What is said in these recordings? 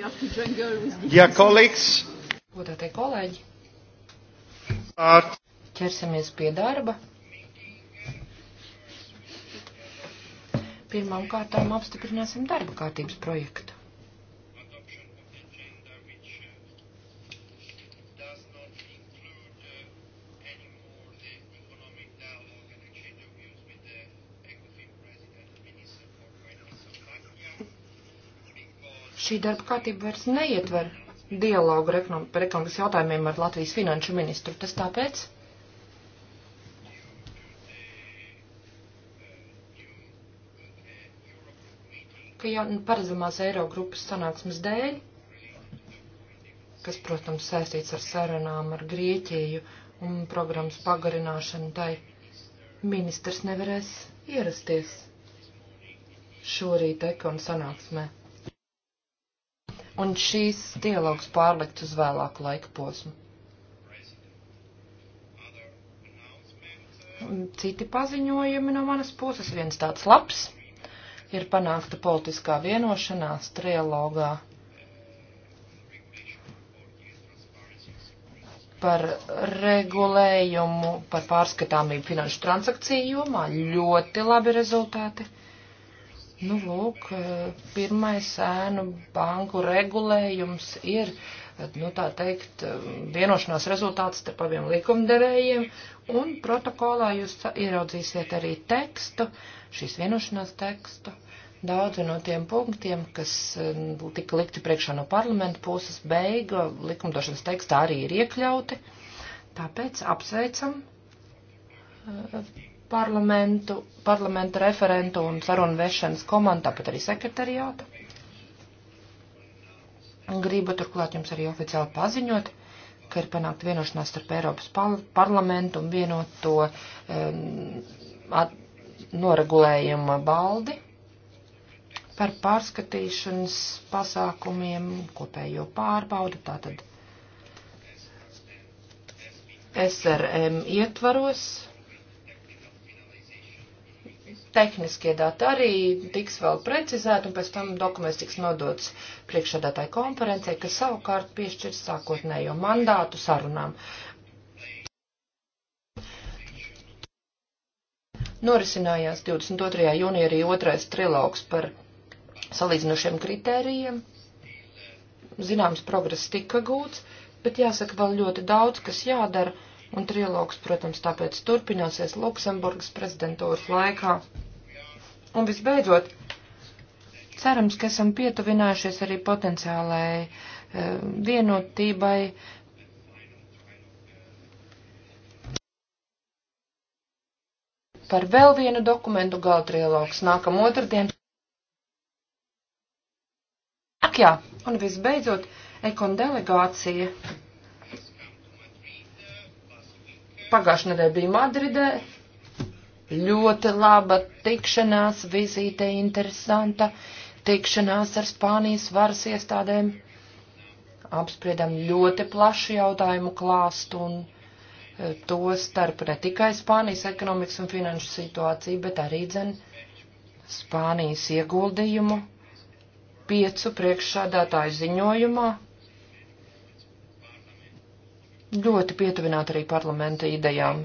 Ja kolēģis. Ko tā teikt, kolēģi? Ar... Ķersimies pie darba. Pirmām kārtām apstiprināsim darba kārtības projektu. šī darba kārtība vairs neietver dialogu par ekonomikas jautājumiem ar Latvijas finanšu ministru. Tas tāpēc? ka jau paredzamās Eirogrupas sanāksmes dēļ, kas, protams, saistīts ar sarunām ar Grieķiju un programmas pagarināšanu, tai ministrs nevarēs ierasties šorīt ekon sanāksmē un šīs dialogs pārlikt uz vēlāku laika posmu. Citi paziņojumi no manas puses, viens tāds labs, ir panākta politiskā vienošanās trialogā par regulējumu, par pārskatāmību finanšu transakciju jomā. Ļoti labi rezultāti. Nu, lūk, pirmais ēnu banku regulējums ir, nu, tā teikt, vienošanās rezultāts starp abiem likumdevējiem, un protokolā jūs ieraudzīsiet arī tekstu, šīs vienošanās tekstu. Daudzi no tiem punktiem, kas tika likti priekšā no parlamenta puses, beiga likumdošanas tekstā arī ir iekļauti. Tāpēc apsveicam parlamentu, parlamentu referentu un sarunu vešanas komandu, tāpat arī sekretariātu. Gribu turklāt jums arī oficiāli paziņot, ka ir panākt vienošanās starp Eiropas parlamentu un vienoto um, at, noregulējuma baldi par pārskatīšanas pasākumiem, kopējo pārbaudu, tātad SRM ietvaros tehniskie dati arī tiks vēl precizēti, un pēc tam dokuments tiks nodots priekšsēdētāju konferencē, kas savukārt piešķirs sākotnējo mandātu sarunām. Norisinājās 22. jūnija arī otrais trilogs par salīdzinošiem kritērijiem. Zināms, progress tika gūts, bet jāsaka vēl ļoti daudz, kas jādara Un trilogs, protams, tāpēc turpināsies Luksemburgas prezidentūras laikā. Un visbeidzot, cerams, ka esam pietuvinājušies arī potenciālai eh, vienotībai. Par vēl vienu dokumentu gala trilogs nākam otrdien. Ak jā, un visbeidzot, ekon delegācija Pagājušajā nedēļā bija Madridē. Ļoti laba tikšanās, vizīte interesanta, tikšanās ar Spānijas varas iestādēm. Apspriedam ļoti plašu jautājumu klāstu un e, to starp ne tikai Spānijas ekonomikas un finanšu situāciju, bet arī dzen Spānijas ieguldījumu piecu priekšsādātāju ziņojumā ļoti pietuvināti arī parlamenta idejām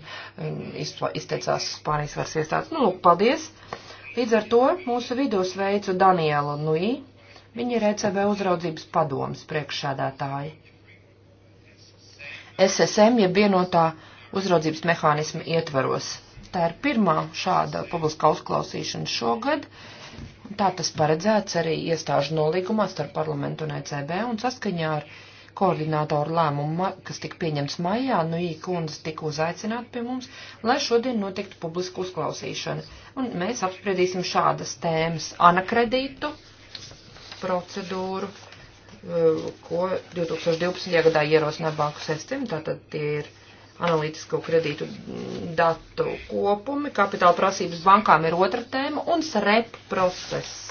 izteicās Spānijas varas iestādes. Nu, lūk, paldies! Līdz ar to mūsu vidū sveicu Danielu Nui. Viņa ir ECB uzraudzības padomas priekšsēdētāja. SSM, jeb vienotā uzraudzības mehānisma ietvaros. Tā ir pirmā šāda publiskā uzklausīšana šogad. Tā tas paredzēts arī iestāžu nolīgumā starp parlamentu un ECB un saskaņā ar koordinātoru lēmumu, kas tika pieņemts maijā, nu īkundze tika uzaicināta pie mums, lai šodien notiktu publiska uzklausīšana. Un mēs apspriedīsim šādas tēmas - anakredītu procedūru, eh, ko 2012. gadā ierosināja Banku sistēma, tātad tie ir analītisko kredītu datu kopumi, kapitāla prasības bankām ir otra tēma un SREP process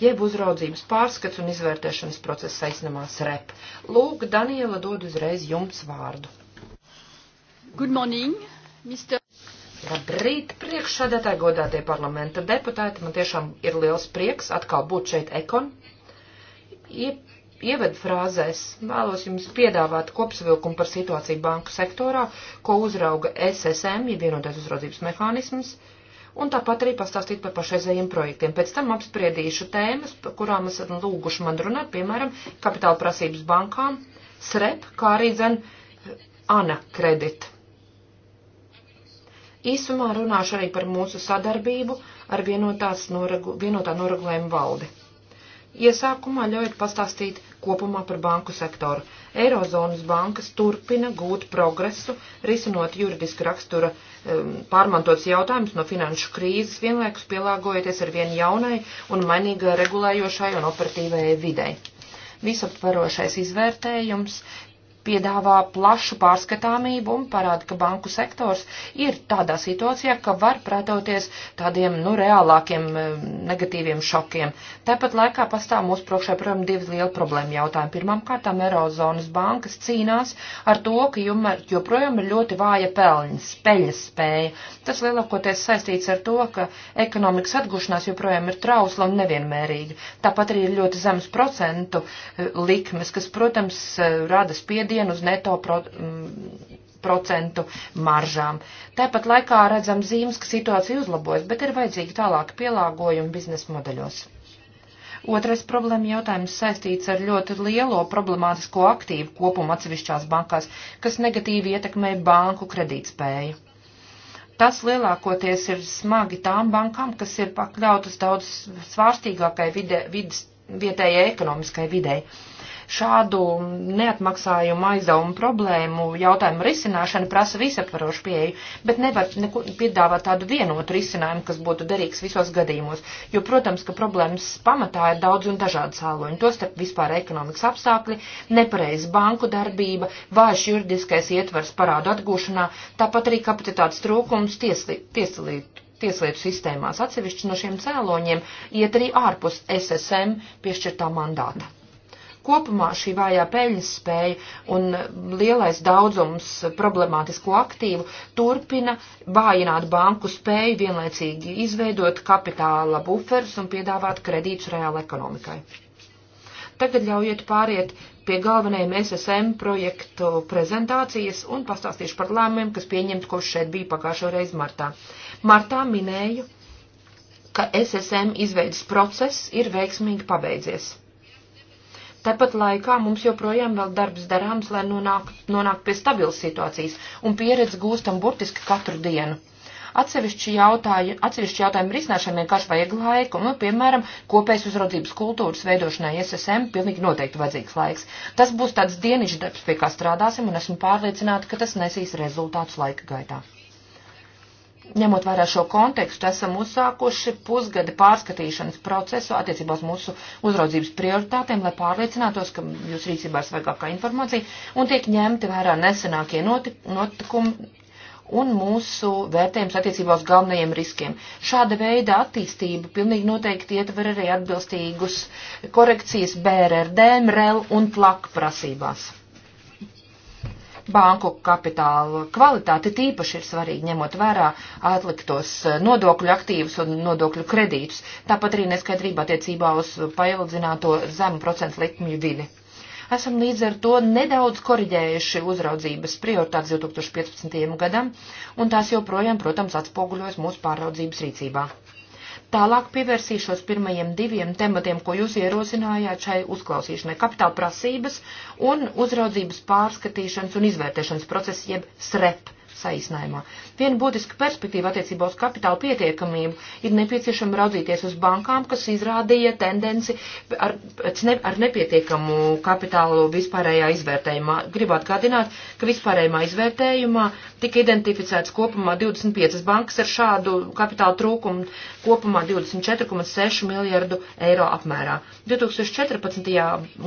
jeb uzraudzības pārskats un izvērtēšanas process aiznamās rep. Lūk, Daniela dod uzreiz jums vārdu. Good morning, Mr. Labrīt, priekšsēdētāji, godātie parlamenta deputāti. Man tiešām ir liels prieks atkal būt šeit ekon. Ie, ievadfrāzēs vēlos jums piedāvāt kopsavilkumu par situāciju banku sektorā, ko uzrauga SSM, ja vienotais uzraudzības mehānisms un tāpat arī pastāstīt par pašreizējiem projektiem. Pēc tam apspriedīšu tēmas, par kurām esat lūguši man runāt, piemēram, kapitāla prasības bankām, SREP, kā arī dzen eh, ANA kredit. Īsumā runāšu arī par mūsu sadarbību ar vienotās noregu, vienotā noregulējuma valdi. Iesākumā ļaujiet pastāstīt kopumā par banku sektoru. Eirozonas bankas turpina gūt progresu, risinot juridiska rakstura um, pārmantots jautājums no finanšu krīzes, vienlaikus pielāgojoties ar vien jaunai un mainīgai regulējošai un operatīvai videi. Visaptvarošais izvērtējums piedāvā plašu pārskatāmību un parāda, ka banku sektors ir tādā situācijā, ka var pretoties tādiem, nu, reālākiem eh, negatīviem šokiem. Tāpat laikā pastāv mūsu priekšā, protams, divi lieli problēma jautājumi. Pirmkārt, Eirozonas bankas cīnās ar to, ka joprojām ir ļoti vāja peļņas, peļņas spēja. Tas lielākoties saistīts ar to, ka ekonomikas atgušanās joprojām ir trausla un nevienmērīga. Tāpat arī ir ļoti zemes procentu eh, likmes, kas, protams, eh, rada spiedienu spiedienu uz neto pro, m, mm, procentu maržām. Tāpat laikā redzam zīmes, ka situācija uzlabojas, bet ir vajadzīgi tālāk pielāgojumi biznesa modeļos. Otrais problēma jautājums saistīts ar ļoti lielo problemātisko aktīvu kopumu atsevišķās bankās, kas negatīvi ietekmē banku kredītspēju. Tas lielākoties ir smagi tām bankām, kas ir pakļautas daudz svārstīgākai vide, vidas, vietējai ekonomiskai videi šādu neatmaksājumu aizdevumu problēmu jautājumu risināšana prasa visaptvarošu pieeju, bet nevar neko piedāvāt tādu vienotu risinājumu, kas būtu derīgs visos gadījumos, jo, protams, ka problēmas pamatā ir daudz un dažādi sāloņi, tostarp vispār ekonomikas apstākļi, nepareiz banku darbība, vājš juridiskais ietvers parādu atgūšanā, tāpat arī kapacitātes trūkums tieslī, tieslīt tieslietu sistēmās. Atsevišķi no šiem cēloņiem iet arī ārpus SSM piešķirtā mandāta. Kopumā šī vājā peļņas spēja un lielais daudzums problemātisko aktīvu turpina vājināt banku spēju vienlaicīgi izveidot kapitāla buferus un piedāvāt kredītus reāla ekonomikai. Tagad ļaujiet pāriet pie galvenajiem SSM projektu prezentācijas un pastāstīšu par lēmumiem, kas pieņemt, kurš šeit bija pagājušo reizi martā. Martā minēju, ka SSM izveidas process ir veiksmīgi pabeidzies. Tāpat laikā mums joprojām vēl darbs darāms, lai nonāktu nonāk pie stabilas situācijas, un pieredzi gūstam burtiski katru dienu. Atsevišķi jautājumi, atsevišķi jautājumi risināšanai vienkārši vajag laiku, nu, piemēram, kopējas uzraudzības kultūras veidošanai SSM pilnīgi noteikti vajadzīgs laiks. Tas būs tāds dienišķi darbs, pie kā strādāsim, un esmu pārliecināta, ka tas nesīs rezultātus laika gaitā ņemot vērā šo kontekstu, esam uzsākuši pusgada pārskatīšanas procesu attiecībā uz mūsu uzraudzības prioritātēm, lai pārliecinātos, ka jūs rīcībā ir svaigākā informācija un tiek ņemti vērā nesenākie notikumi un mūsu vērtējums attiecībā uz galvenajiem riskiem. Šāda veida attīstība pilnīgi noteikti ietver arī atbilstīgus korekcijas BRRD, MREL un PLAK prasībās banku kapitāla kvalitāte tīpaši ir svarīga, ņemot vērā atliktos eh, nodokļu aktīvus un nodokļu kredītus, tāpat arī neskaidrība attiecībā uz paildzināto zemu procentu likmju vidi. Esam līdz ar to nedaudz koriģējuši uzraudzības prioritātes 2015. gadam, un tās joprojām, protams, atspoguļojas mūsu pāraudzības rīcībā. Tālāk pievērsīšos pirmajiem diviem tematiem, ko jūs ierosinājāt šai uzklausīšanai - kapitāla prasības un uzraudzības pārskatīšanas un izvērtēšanas procesa jeb SREP saīsinājumā. Viena būtiska perspektīva attiecībā uz kapitāla pietiekamību ir nepieciešama raudzīties uz bankām, kas izrādīja tendenci ar, ar nepietiekamu kapitālu vispārējā izvērtējumā. Gribu atgādināt, ka vispārējā izvērtējumā tika identificēts kopumā 25 bankas ar šādu kapitāla trūkumu kopumā 24,6 miljardu eiro apmērā. 2014.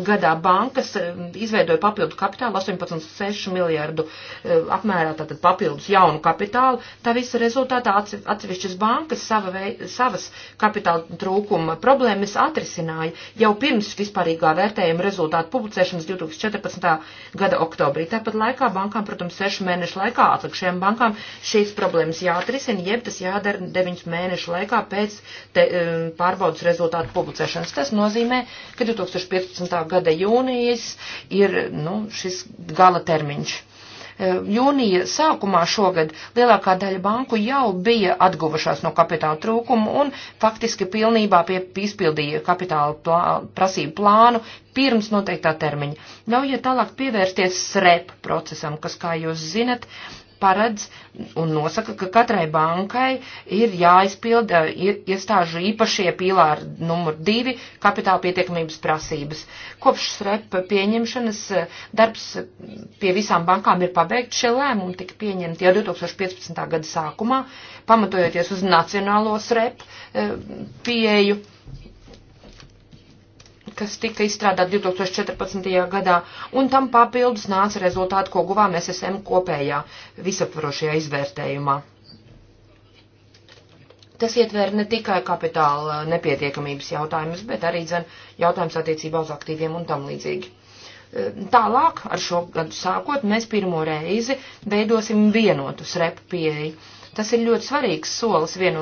gadā bankas um, izveidoja papildu kapitālu 18,6 miljardu uh, apmērā, tātad papildus jaunu kapitālu kapitālu, tā visa rezultātā atsevišķas bankas sava vei, savas kapitāla trūkuma problēmas atrisināja jau pirms vispārīgā vērtējuma rezultātu publicēšanas 2014. gada oktobrī. Tāpat laikā bankām, protams, sešu mēnešu laikā atlikšajām bankām šīs problēmas jāatrisina, jeb tas jādara deviņus mēnešu laikā pēc te, um, pārbaudas rezultātu publicēšanas. Tas nozīmē, ka 2015. gada jūnijas ir nu, šis gala termiņš. Eh, jūnija sākumā šogad lielākā daļa banku jau bija atguvušās no kapitāla trūkuma un faktiski pilnībā pie, izpildīja kapitāla plā, prasību plānu pirms noteiktā termiņa. Ļaujiet tālāk pievērsties SREP procesam, kas, kā jūs zinat, uh, paredz un nosaka, ka katrai bankai ir jāizpilda iestāžu īpašie pīlāri numur divi kapitāla pietiekamības prasības. Kopš SREP pieņemšanas darbs pie visām bankām ir pabeigts. Šie lēmumi tika pieņemti jau 2015. gada sākumā, pamatojoties uz nacionālo SREP pieeju kas tika izstrādāt 2014. gadā, un tam papildus nāca rezultāti, ko guvām SSM kopējā visaptvarošajā izvērtējumā. Tas ietver ne tikai kapitāla nepietiekamības jautājumus, bet arī dzen, jautājums attiecībā uz aktīviem un tam līdzīgi. E, tālāk, ar šo gadu sākot, mēs pirmo reizi veidosim vienotus rep pieeju Tas ir ļoti svarīgs solis vieno,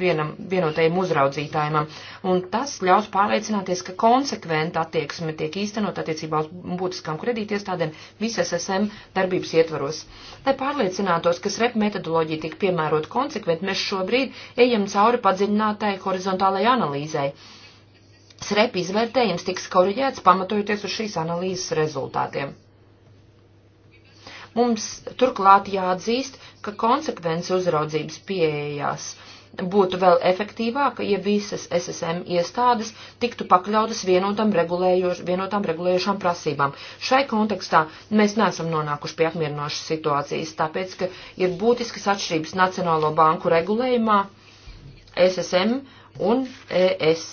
vienam, vienotajam uzraudzītājumam, un tas ļaus pārliecināties, ka konsekventa attieksme tiek īstenot attiecībā uz būtiskām kredītiestādēm visas SM darbības ietvaros. Lai pārliecinātos, ka SREP metodoloģija tiek piemērot konsekventi, mēs šobrīd ejam cauri padziļinātai horizontālajai analīzei. SREP izvērtējums tiks korģēts pamatojoties uz šīs analīzes rezultātiem. Mums turklāt jāatzīst, ka konsekvence uzraudzības pieejās būtu vēl efektīvāka, ja visas SSM iestādes tiktu pakļautas vienotam regulējoš, vienotām regulējušām prasībām. Šai kontekstā mēs neesam nonākuši pie apmierinošas situācijas, tāpēc, ka ir būtiskas atšķirības Nacionālo banku regulējumā SSM un ES.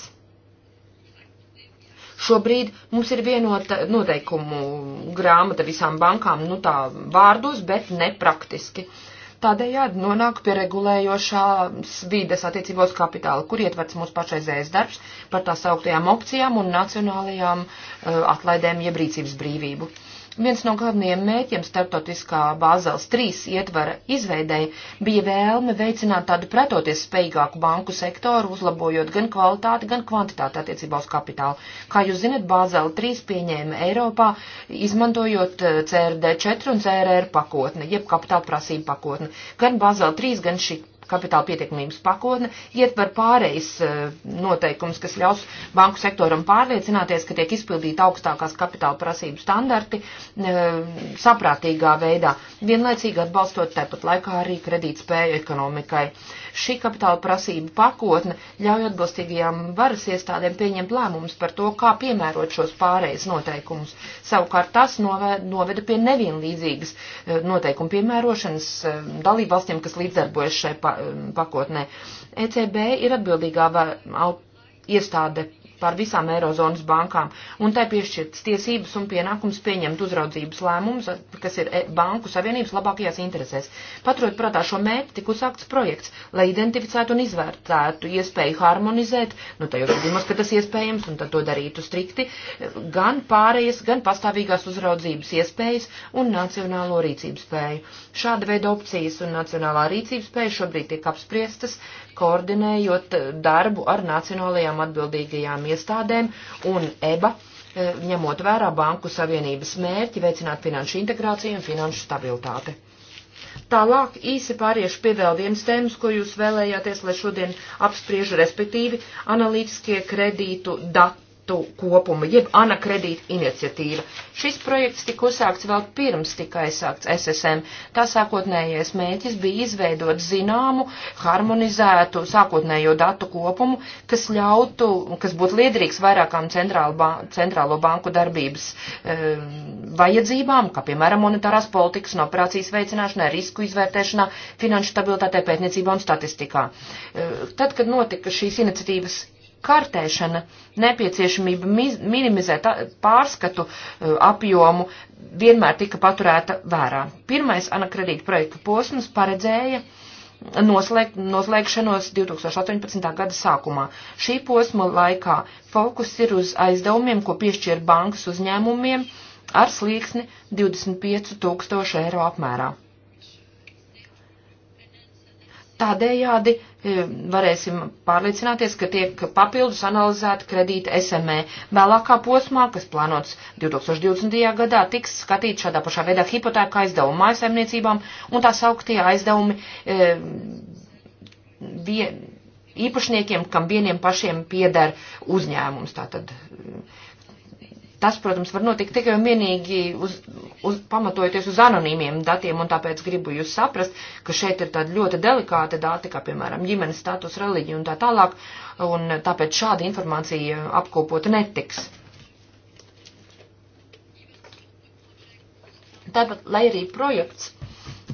Šobrīd mums ir vienota noteikumu grāmata visām bankām, nu tā vārdos, bet ne praktiski. Uh, Tādējādi nonāk pie regulējošās vides attiecībos kapitāla, kur ietverts mūsu pašreizējais darbs par tās augtajām opcijām un nacionālajām uh, atlaidēm jeb rīcības brīvību. Viens no galvenajiem mēķiem starptautiskā Bāzels 3 ietvara izveidēja bija vēlme veicināt tādu pretoties spējīgāku banku sektoru, uzlabojot gan kvalitāti, gan kvantitāti attiecībā uz kapitālu. Kā jūs zinat, Bāzela 3 pieņēma Eiropā, izmantojot eh, CRD 4 un CRR pakotni, jeb kapitāla prasību pakotni. Gan Bāzela 3, gan šī kapitāla pietiekamības pakotne ietver pārejas eh, noteikums, kas ļaus banku sektoram pārliecināties, ka tiek izpildīta augstākās kapitāla prasību standarti eh, saprātīgā veidā, vienlaicīgi atbalstot tepat laikā arī kredītspēju ekonomikai. Uh, Šī kapitāla prasība pakotne ļauj atbilstīgajām varas iestādēm pieņemt lēmumus par to, kā piemērot šos pārējais noteikumus. Savukārt tas noveda pie nevienlīdzīgas eh, noteikumu piemērošanas eh, dalībvalstiem, kas līdzdarbojas šai eh, pakotnē. ECB ir atbildīgā var, iestāde pār visām Eirozonas bankām, un tai piešķirtas tiesības un pienākums pieņemt uzraudzības lēmumus, kas ir e, banku savienības labākajās interesēs. Paturot prātā šo mērķi, tika uzsākts projekts, lai identificētu un izvērtētu iespēju harmonizēt, nu tajos gadījumos, ka tas iespējams, un tad to darītu strikti, gan pārējas, gan pastāvīgās uzraudzības iespējas un nacionālo rīcības spēju. Šāda veida opcijas un nacionālā rīcības spēja šobrīd tiek apspriestas, koordinējot darbu ar nacionālajām atbildīgajām vadošajām iestādēm un EBA, e, ņemot vērā Banku Savienības mērķi veicināt finanšu integrāciju un finanšu stabilitāti. Tālāk īsi pāriešu pie vēl vienas tēmas, ko jūs vēlējāties, lai šodien apspriežu, respektīvi analītiskie kredītu dati projektu kopumu, jeb ANA kredīta iniciatīva. Šis projekts tika uzsākts vēl pirms tika aizsākts SSM. Tā sākotnējais mēķis bija izveidot zināmu, harmonizētu sākotnējo datu kopumu, kas ļautu, kas būtu liederīgs vairākām ba centrālo banku darbības e, vajadzībām, kā piemēram monetārās politikas un operācijas veicināšanai, risku izvērtēšanā, finanšu stabilitātei, pētniecībā un statistikā. E, tad, kad notika šīs iniciatīvas kartēšana, nepieciešamība minimizēt pārskatu e, apjomu vienmēr tika paturēta vērā. Pirmais anakredīta projekta posms paredzēja noslēg, noslēgšanos 2018. gada sākumā. Šī posma laikā fokus ir uz aizdevumiem, ko piešķir bankas uzņēmumiem ar slieksni 25 tūkstoši eiro apmērā. Tādējādi E, varēsim pārliecināties, ka tiek papildus analizēta kredīta SME. Vēlākā posmā, kas plānots 2020. gadā, tiks skatīt šādā pašā veidā hipotēka aizdevuma mājasaimniecībām un tā sauktie aizdevumi e, vie, īpašniekiem, kam vieniem pašiem pieder uzņēmums. Tātad, e, Tas, protams, var notikt tikai un vienīgi uz, uz, pamatojoties uz anonīmiem datiem, un tāpēc gribu jūs saprast, ka šeit ir tāda ļoti delikāta dati, kā piemēram ģimenes status, reliģija un tā tālāk, un tāpēc šāda informācija apkopota netiks. Tāpat, lai arī projekts,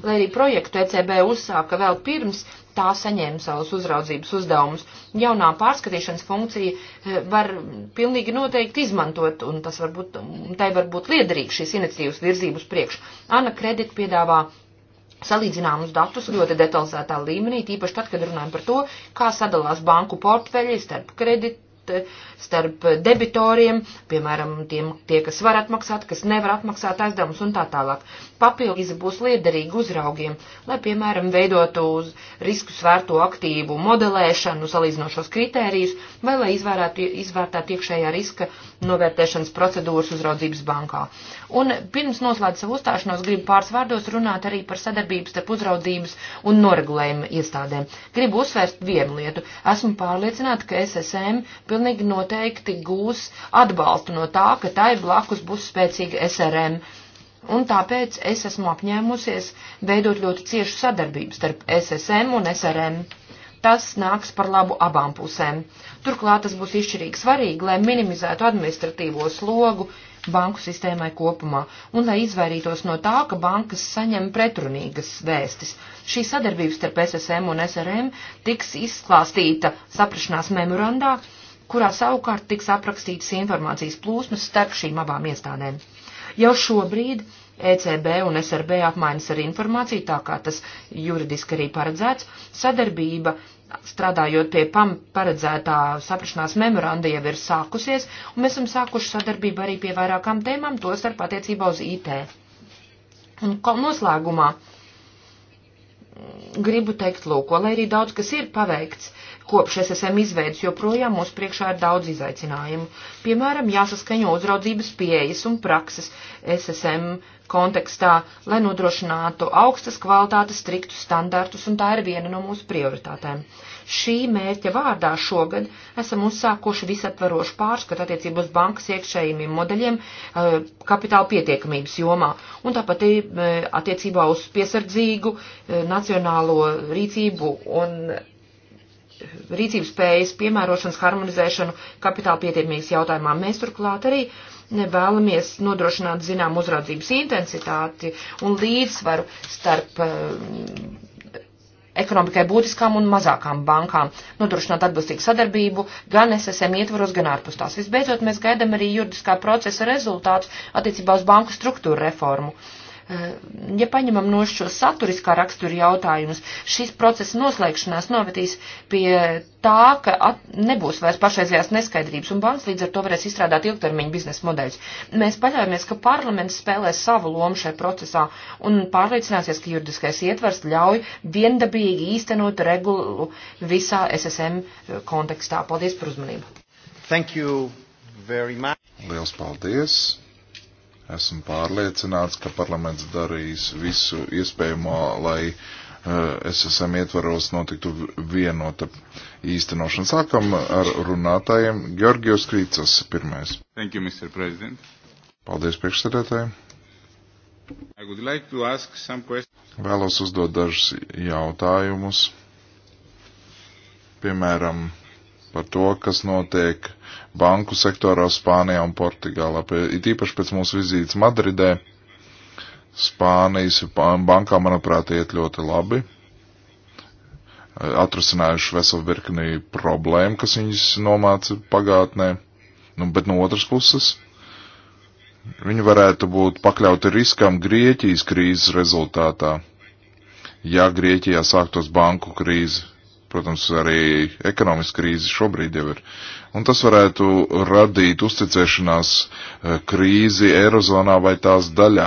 lai arī projektu ECB uzsāka vēl pirms tā saņēma savus uzraudzības uzdevumus. Jaunā pārskatīšanas funkcija eh, var pilnīgi noteikti izmantot, un tas varbūt, tai var būt liederīgi šīs iniciatīvas virzības priekš. Ana Kredit piedāvā salīdzināmus datus ļoti detalizētā līmenī, tīpaši tad, kad runājam par to, kā sadalās banku portfeļi starp kredit, Eh, starp debitoriem, piemēram, tiem, tie, kas var atmaksāt, kas nevar atmaksāt aizdevumus un tā tālāk. Papildus būs liederīgi uzraugiem, lai, piemēram, veidotu uz risku svērto aktīvu modelēšanu, salīdzinošos kritērijus, vai lai izvērētu, izvērtētu iekšējā riska novērtēšanas procedūras uzraudzības bankā. Un pirms noslēdz savu uzstāšanos gribu pāris vārdos runāt arī par sadarbības starp uzraudzības un noregulējuma iestādēm. Gribu uzsvērst vienu lietu. Esmu pārliecināta, ka SSM pilnīgi noteikti gūs atbalstu no tā, ka tai blakus būs spēcīga SRM. Un tāpēc es esmu apņēmusies veidot ļoti ciešu sadarbību starp SSM un SRM. Tas nāks par labu abām pusēm. Turklāt tas būs izšķirīgi svarīgi, lai minimizētu administratīvo slogu banku sistēmai kopumā un lai izvairītos no tā, ka bankas saņem pretrunīgas vēstis. Šī sadarbības starp SSM un SRM tiks izklāstīta saprašanās memorandā, kurā savukārt tiks aprakstītas informācijas plūsmas starp šīm abām iestādēm. Jau šobrīd ECB un SRB apmainas ar informāciju, tā kā tas juridiski arī paredzēts. Sadarbība strādājot pie pam paredzētā saprašanās memoranda jau ir sākusies, un mēs esam sākuši sadarbību arī pie vairākām tēmām, tostarp attiecībā uz IT. Un noslēgumā gribu teikt, lūk, lai arī daudz kas ir paveikts kopš SSM izveidas, joprojām mūs priekšā ir daudz izaicinājumu. Piemēram, jāsaskaņo uzraudzības pieejas un prakses SSM kontekstā, lai nodrošinātu augstas kvalitātes striktus standartus, un tā ir viena no mūsu prioritātēm. Uh, Šī mērķa vārdā šogad esam uzsākuši visatvarošu pārskatu attiecību uz bankas iekšējiem modeļiem eh, kapitāla pietiekamības jomā un tāpat eh, attiecībā uz piesardzīgu eh, nacionālo rīcību un rīcības spējas piemērošanas harmonizēšanu kapitāla pietiekamības jautājumā. Mēs turklāt arī vēlamies nodrošināt zinām uzraudzības intensitāti un līdzsvaru starp ekonomikai būtiskām un mazākām bankām, nodrošināt atbilstīgu sadarbību gan SSM ietvaros, gan ārpus tās. Visbeidzot, mēs gaidām arī juridiskā procesa rezultātus attiecībā uz banku struktūru reformu. Eh, ja paņemam no šo saturiskā rakstura jautājumus, šīs procesa noslēgšanās novedīs pie tā, ka at, nebūs vairs pašreizējās neskaidrības, un banks līdz ar to varēs izstrādāt ilgtermiņa biznesa modeļus. Mēs paļaujamies, ka parlaments spēlēs savu lomu šajā procesā un pārliecināsies, ka juridiskais ietvers ļauj viendabīgi īstenot regulu visā SSM kontekstā. Paldies par uzmanību! Thank you very much. Liels paldies! Esmu pārliecināts, ka parlaments darīs visu iespējamo, lai uh, eh, SSM ietvaros notiktu vienota īstenošana. Sākam ar runātājiem. Georgios Krīcas pirmais. Thank you, Mr. President. Paldies, priekšsēdētāji. Like Vēlos uzdot dažus jautājumus. Piemēram, par to, kas notiek banku sektorā Spānijā un Portugālā. It īpaši pēc mūsu vizītes Madridē Spānijas bankā, manuprāt, iet ļoti labi. Atrasinājuši veselu virkni problēmu, kas viņus nomāca pagātnē. Nu, bet no otras puses, viņi varētu būt pakļauti riskam Grieķijas krīzes rezultātā, ja Grieķijā sāktos banku krīze Protams, arī ekonomiska krīze šobrīd jau ir. Un tas varētu radīt uzticēšanās e, krīzi Eirozonā vai tās daļā.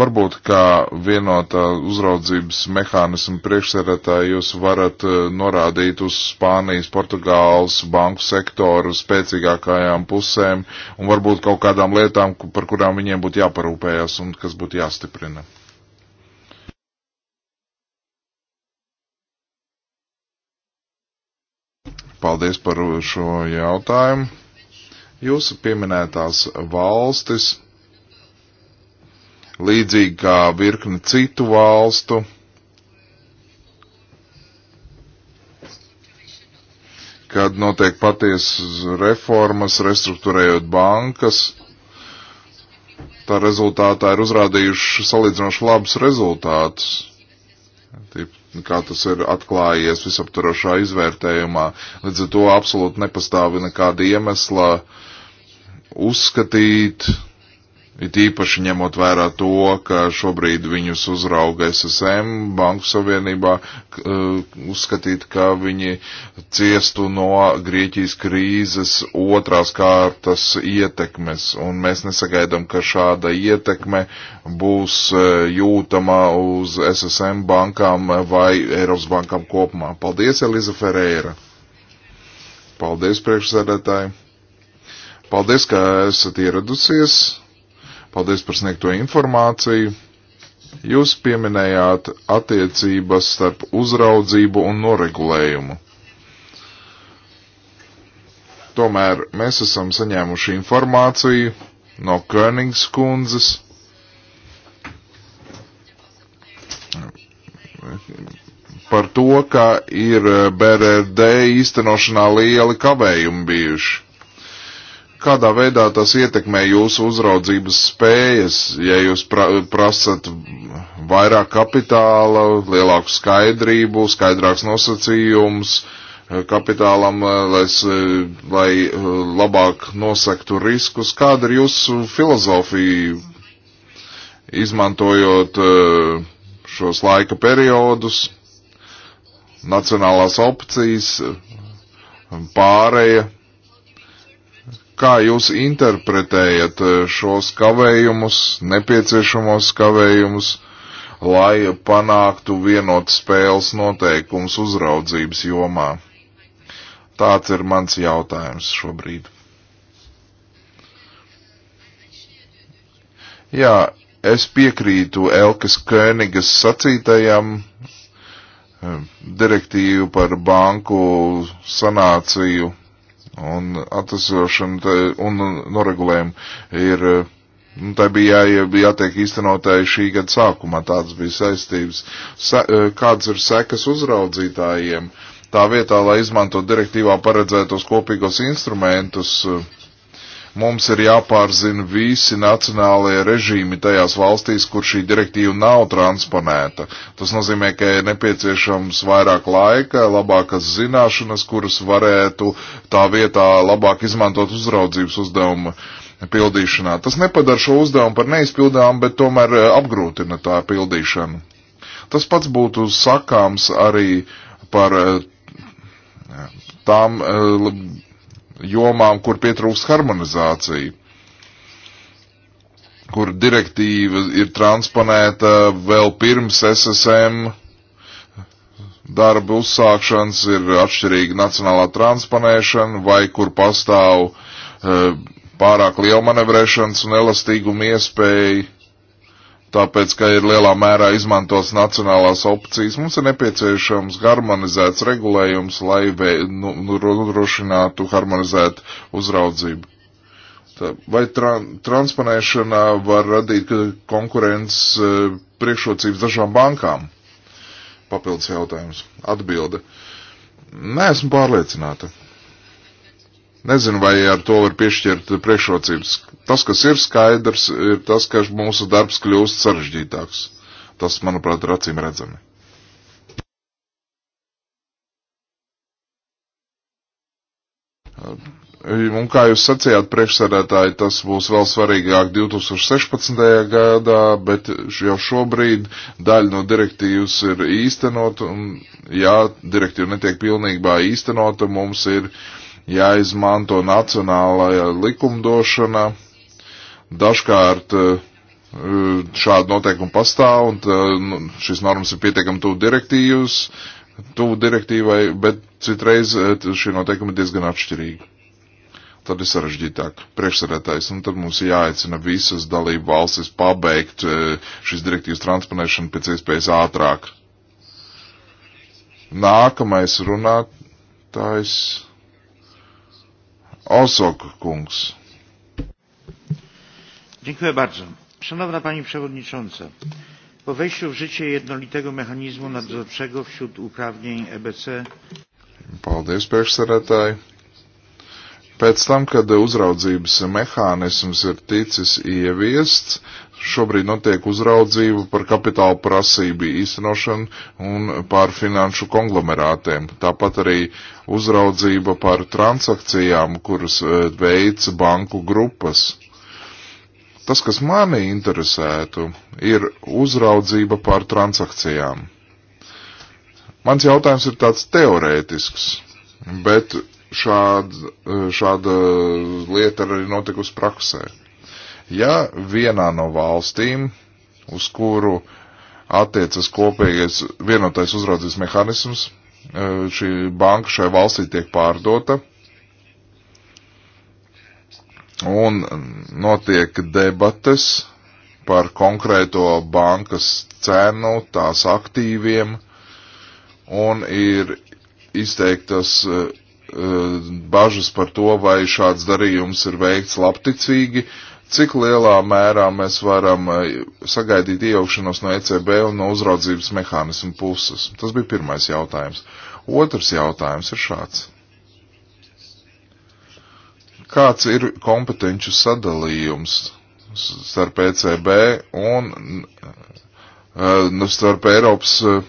Varbūt kā vienotā uzraudzības mehānismu priekšsēdētāji jūs varat e, norādīt uz Spānijas, Portugāles banku sektoru spēcīgākajām pusēm un varbūt kaut kādām lietām, par kurām viņiem būtu jāparūpējas un kas būtu jāstiprina. Paldies par šo jautājumu. Jūsu pieminētās valstis, līdzīgi kā virkni citu valstu, kad notiek patiesas reformas, restruktūrējot bankas, tā rezultātā ir uzrādījuši salīdzinoši labus rezultātus. Tip, kā tas ir atklājies visaptvarošā izvērtējumā. Līdz ar to absolūti nepastāvi nekāda iemesla uzskatīt, It īpaši ņemot vērā to, ka šobrīd viņus uzrauga SSM Banku Savienībā, e, uzskatīt, ka viņi ciestu no Grieķijas krīzes otrās kārtas ietekmes, un mēs nesagaidām, ka šāda ietekme būs e, jūtama uz SSM bankām vai Eiropas bankām kopumā. Paldies, Eliza Ferreira! Paldies, priekšsēdētāji! Paldies, ka esat ieradusies! Paldies par sniegto informāciju. Jūs pieminējāt attiecības starp uzraudzību un noregulējumu. Tomēr mēs esam saņēmuši informāciju no Königs kundzes. Par to, ka ir BRD īstenošanā lieli kavējumi bijuši kādā veidā tas ietekmē jūsu uzraudzības spējas, ja jūs pra prasat vairāk kapitāla, lielāku skaidrību, skaidrāks nosacījums eh, kapitālam, eh, lai, eh, lai labāk nosektu riskus. Kāda ir jūsu filozofija, izmantojot šos laika periodus, nacionālās opcijas, pārēja? Kā jūs interpretējat eh, šos kavējumus, nepieciešamos kavējumus, lai panāktu vienot spēles noteikums uzraudzības jomā? Tāds ir mans jautājums šobrīd. Jā, es piekrītu Elkas Königas sacītajam eh, direktīvu par banku sanāciju Un atvesošana un noregulējuma ir, nu, tā bija jā, jātiek īstenotai šī gada sākumā, tāds bija saistības. Sa, e, kāds ir sekas uzraudzītājiem? Tā vietā, lai izmanto direktīvā paredzētos kopīgos instrumentus, uh, Mums ir jāpārzina visi nacionālajie režīmi tajās valstīs, kur šī direktīva nav transponēta. Tas nozīmē, ka ir nepieciešams vairāk laika, labākas zināšanas, kuras varētu tā vietā labāk izmantot uzraudzības uzdevumu pildīšanā. Tas nepadara šo uzdevumu par neizpildām, bet tomēr eh, apgrūtina tā pildīšanu. Tas pats būtu sakāms arī par eh, tām eh, jomām, kur pietrūks harmonizācija, kur direktīva ir transponēta vēl pirms SSM darba uzsākšanas, ir atšķirīga nacionālā transponēšana vai kur pastāv uh, pārāk liela manevrēšanas un elastīguma iespēja tāpēc, ka ir lielā mērā izmantos nacionālās opcijas. Mums ir nepieciešams harmonizēts regulējums, lai nodrošinātu nu, nu, harmonizētu uzraudzību. Tā, vai tra transponēšana var radīt konkurences e, priekšrocības dažām bankām? Papildus jautājums. Atbilde. Nē, esmu pārliecināta. Nezinu, vai ar to var piešķirt priekšrocības Tas, kas ir skaidrs, ir tas, ka mūsu darbs kļūst sarežģītāks. Tas, manuprāt, ir acīm redzami. Un kā jūs sacījāt, priekšsēdētāji, tas būs vēl svarīgāk 2016. gadā, bet jau šobrīd daļa no direktīvas ir īstenot, un ja direktīva netiek pilnībā īstenota, mums ir jāizmanto nacionālajā likumdošana Dažkārt eh, šāda noteikuma pastāv, un eh, nu, šis normas ir pietiekami tuvu direktīvas, tuvu direktīvai, bet citreiz eh, šie noteikumi ir diezgan atšķirīgi. Tad ir sarežģītāk priekšsarētājs, un tad mums jāaicina visas dalību valstis pabeigt šīs direktīvas transponēšanu pēc iespējas ātrāk. Nākamais runātājs Osoka kungs. Dziękuję bardzo. Szanowna Pani Przewodnicząca! Po wejściu w życie jednolitego mechanizmu nadzorczego wśród uprawnień EBC Paldies, priekšsarētāji! Pēc tam, kad uzraudzības mehānisms ir ticis ieviests, šobrīd notiek uzraudzība par kapitāla prasību īstenošanu un par finanšu konglomerātiem. Tāpat arī uzraudzība par transakcijām, kuras eh, veica banku grupas. Tas, kas mani interesētu, ir uzraudzība pār transakcijām. Mans jautājums ir tāds teorētisks, bet šāda, šāda lieta arī notikusi praksē. Ja vienā no valstīm, uz kuru attiecas kopīgais vienotais uzraudzības mehānisms, eh, šī banka šai valstī tiek pārdota, un notiek debates par konkrēto bankas cenu, tās aktīviem, un ir izteiktas uh, bažas par to, vai šāds darījums ir veikts labticīgi, cik lielā mērā mēs varam eh, sagaidīt iejaukšanos no ECB un no uzraudzības mehānismu puses. Tas bija pirmais jautājums. Otrs jautājums ir šāds. Kāds ir kompetenču sadalījums starp ECB un uh, starp Eiropas uh,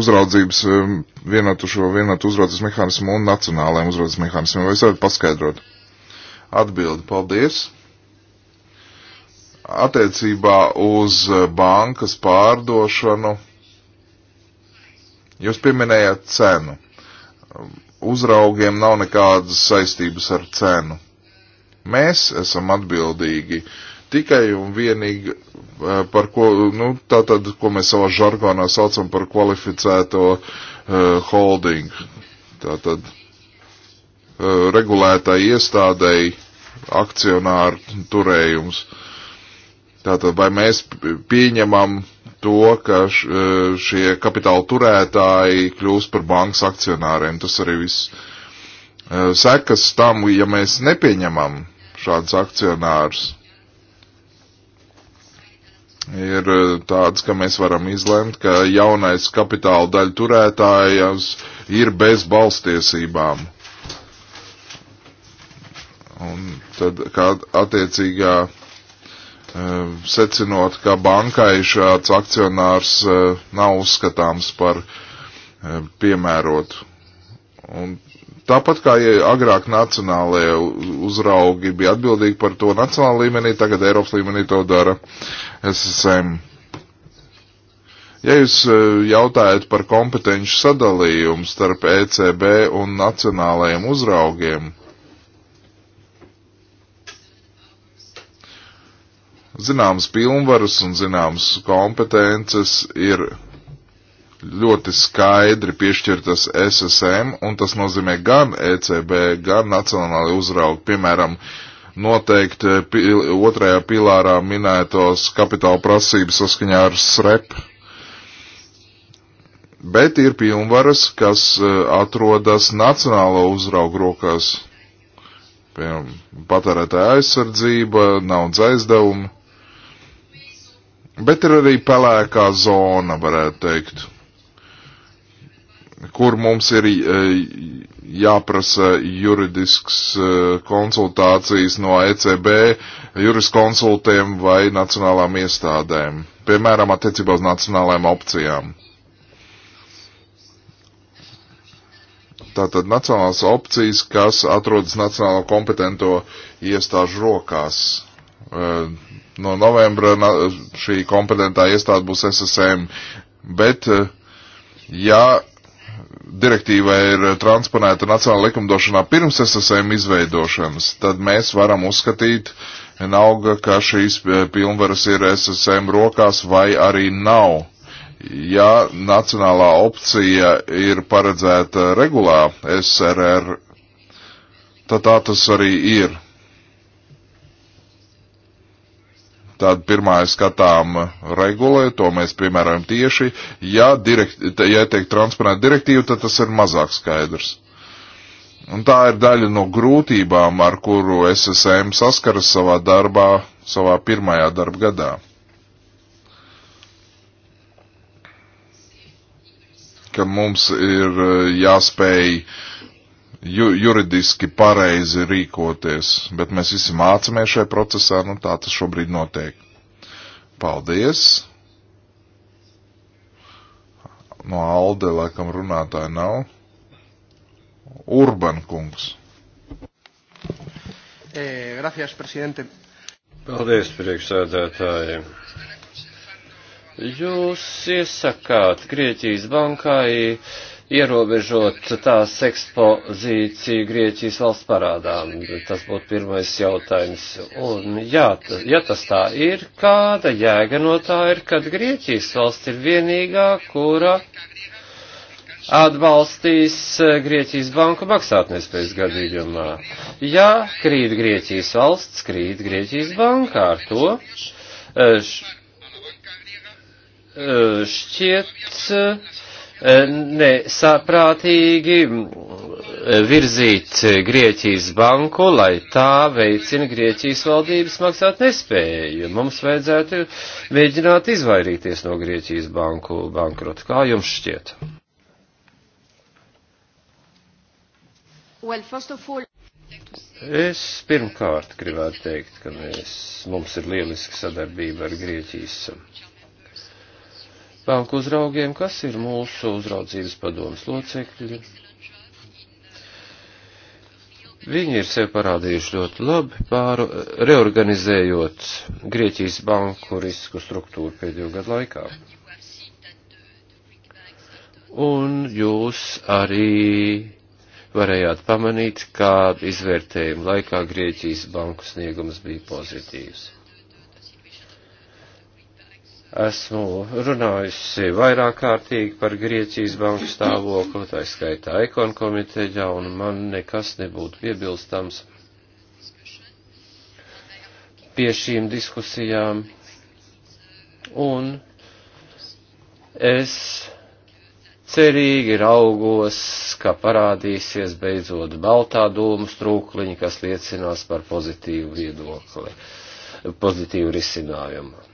uzraudzības uh, vienotušo vienotu uzraudzības mehānismu un nacionālajiem uzraudzības mehānismiem? Vai es varu paskaidrot? Atbildi, paldies! attiecībā uz bankas pārdošanu. Jūs pieminējāt cenu uzraugiem nav nekādas saistības ar cenu. Mēs esam atbildīgi tikai un vienīgi eh, par ko, nu, tātad, ko mēs savā žargonā saucam par kvalificēto uh, holding. Tātad uh, eh, regulētāji iestādēji akcionāru turējums. Tātad, vai mēs pieņemam uh, to, ka e, šie kapitāla turētāji kļūst par bankas akcionāriem. Tas arī viss e, sekas tam, ja mēs nepieņemam šādus akcionārus. Ir e, tāds, ka mēs varam izlemt, ka jaunais kapitāla daļu turētājs ir bez balstiesībām. Un tad kā attiecīgā Ehm, secinot, ka bankai šāds akcionārs eh, nav uzskatāms par ehm, piemērotu. Un tāpat kā agrāk nacionālajie uzraugi bija atbildīgi par to nacionālā līmenī, tagad Eiropas līmenī to dara SSM. Ja jūs eh, jautājat par kompetenci sadalījumu starp ECB un nacionālajiem uzraugiem, Zināmas pilnvaras un zināmas kompetences ir ļoti skaidri piešķirtas SSM, un tas nozīmē gan ECB, gan Nacionālai uzraugi, piemēram, noteikt pil otrajā pilārā minētos kapitāla prasības saskaņā ar SREP. Bet ir pilnvaras, kas eh, atrodas Nacionālo uzraugu rokās, piemēram, patērētāja aizsardzība, naudas aizdevumi. Bet ir arī pelēkā zona, varētu teikt, kur mums ir e, jāprasa juridisks e, konsultācijas no ECB, juriskonsultiem vai nacionālām iestādēm, piemēram, attiecībā uz nacionālajām opcijām. Tātad nacionālās opcijas, kas atrodas nacionālo kompetento iestāžu rokās. Uh, No novembra šī kompetentā iestāde būs SSM, bet eh, ja direktīva ir transponēta nacionāla likumdošanā pirms SSM izveidošanas, tad mēs varam uzskatīt, nauga, ka šīs eh, pilnvaras ir SSM rokās vai arī nav. Ja nacionālā opcija ir paredzēta regulā SRR, tad tā tas arī ir. Tāda pirmā ir skatām regulē, to mēs piemērojam tieši. Ja, direkt, ja tiek transponēta direktīva, tad tas ir mazāk skaidrs. Un tā ir daļa no grūtībām, ar kuru SSM saskaras savā darbā, savā pirmajā darba gadā. Ka mums ir eh, jāspēj uh, ju, juridiski pareizi rīkoties, bet mēs visi mācāmies šajā procesā, nu tā tas šobrīd notiek. Paldies! No Alde, laikam, runātāja nav. Urban kungs. E, gracias, presidente. Paldies, priekšsēdētāji. Jūs iesakāt Grieķijas bankai ierobežot tās ekspozīciju Grieķijas valsts parādām? Tas būtu pirmais jautājums. Un jā, ja tas tā ir, kāda jēga no tā ir, kad Grieķijas valsts ir vienīgā, kura atbalstīs e, Grieķijas banku maksātnespējas gadījumā? Ja krīt Grieķijas valsts, krīt Grieķijas banka ar to. E, š, e, šķiet, Eh, nesaprātīgi eh, virzīt Grieķijas banku, lai tā veicina Grieķijas valdības maksāt nespēju. Mums vajadzētu mēģināt izvairīties no Grieķijas banku bankrota. Kā jums šķiet? Well, all... Es pirmkārt gribētu teikt, ka mēs, mums ir lieliska sadarbība ar Grieķijas banku uzraugiem, kas ir mūsu uzraudzības padomas locekļi. Viņi ir sev parādījuši ļoti labi, pāru, reorganizējot Grieķijas banku risku struktūru pēdējo gadu laikā. Un jūs arī varējāt pamanīt, kā izvērtējuma laikā Grieķijas banku sniegums bija pozitīvs. Esmu runājusi vairāk kārtīgi par Grieķijas banku stāvokli, tā skaitā ekonu komiteģā, un man nekas nebūtu piebilstams pie šīm diskusijām. Un es cerīgi raugos, ka parādīsies beidzot baltā dūmu strūkliņa, kas liecinās par pozitīvu viedokli, pozitīvu risinājumu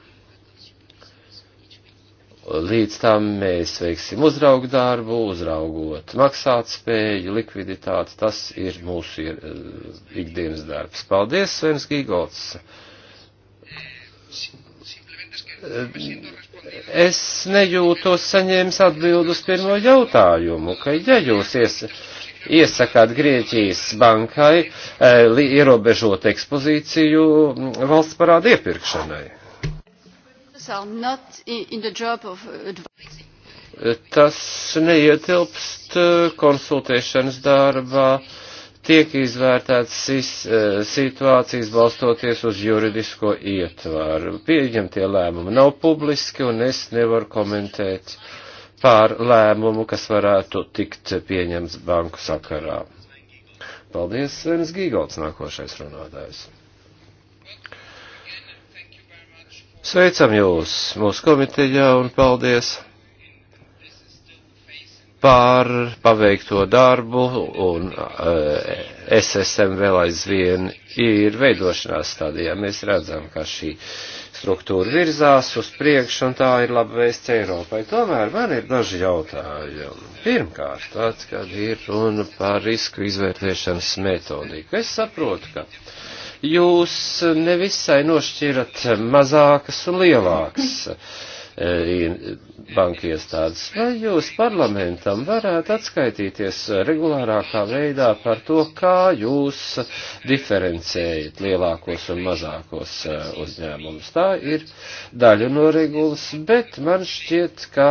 Līdz tam mēs veiksim uzraugu darbu, uzraugot maksāt spēju, likviditāti. Tas ir mūsu ir, uh, ikdienas darbs. Paldies, Svens Gīgolds. Es nejūtos saņēmis atbildus pirmo jautājumu, ka ja jūs ies, iesakāt Grieķijas bankai e, ierobežot ekspozīciju valsts parāda iepirkšanai. Uh, Tas neietilpst uh, konsultēšanas darbā, tiek izvērtētas uh, situācijas balstoties uz juridisko ietvaru. Pieņemtie lēmumi nav publiski un es nevaru komentēt pār lēmumu, kas varētu tikt pieņemts banku sakarā. Paldies, Svenis Gīgolds, nākošais runātājs. Sveicam jūs mūsu komitejā un paldies par paveikto darbu un uh, eh, SSM vēl aizvien ir veidošanās stadijā. Mēs redzam, ka šī struktūra virzās uz priekšu un tā ir laba vēsts Eiropai. Tomēr man ir daži jautājumi. Pirmkārt, tāds, kad ir runa par risku izvērtēšanas metodiku. Es saprotu, ka jūs nevisai nošķirat mazākas un lielākas eh, banku iestādes. Vai jūs parlamentam varētu atskaitīties regulārākā veidā par to, kā jūs diferencējat lielākos un mazākos eh, uzņēmumus? Tā ir daļa no regulas, bet man šķiet, ka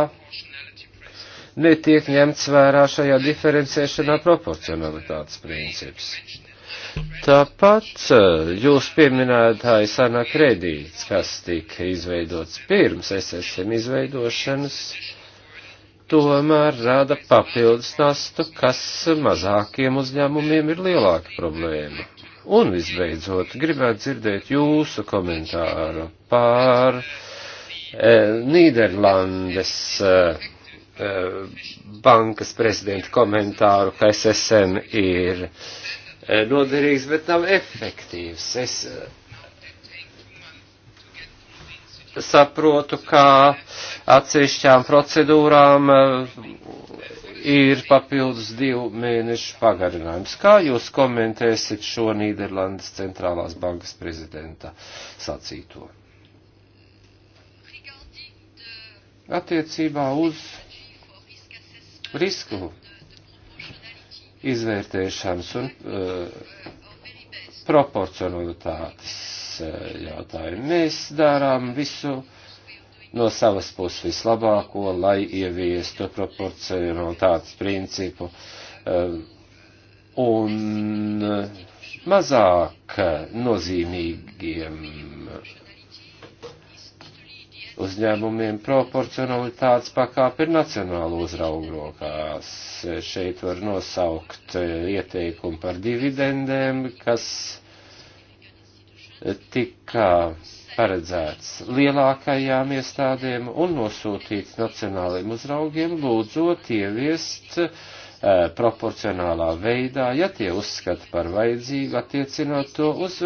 netiek ņemts vērā šajā diferencēšanā proporcionalitātes princips Tāpat eh, jūs pieminētāji sanā kredīts, kas tika izveidots pirms SSM izveidošanas, tomēr rada papildus nastu, kas mazākiem uzņēmumiem ir lielāka problēma. Un visbeidzot, gribētu dzirdēt jūsu komentāru pār e, eh, Nīderlandes e, bankas prezidenta komentāru, ka SSM ir Eh, noderīgs, bet nav efektīvs. Es eh, saprotu, kā atsevišķām procedūrām eh, ir papildus divu mēnešu pagarinājums. Kā jūs komentēsiet šo Nīderlandes centrālās bankas prezidenta sacīto? Attiecībā uz risku izvērtēšanas un uh, proporcionalitātes uh, jautājumu. Mēs darām visu no savas puses vislabāko, lai ieviestu proporcionalitātes principu. Uh, un mazāk nozīmīgiem uzņēmumiem proporcionalitātes pakāpe ir nacionāla uzrauga rokās. Šeit var nosaukt eh, ieteikumu par dividendēm, kas tika paredzēts lielākajām iestādēm un nosūtīts nacionāliem uzraugiem, lūdzot ieviest uh, proporcionālā veidā, ja tie uzskata par vajadzīgu attiecinot to uz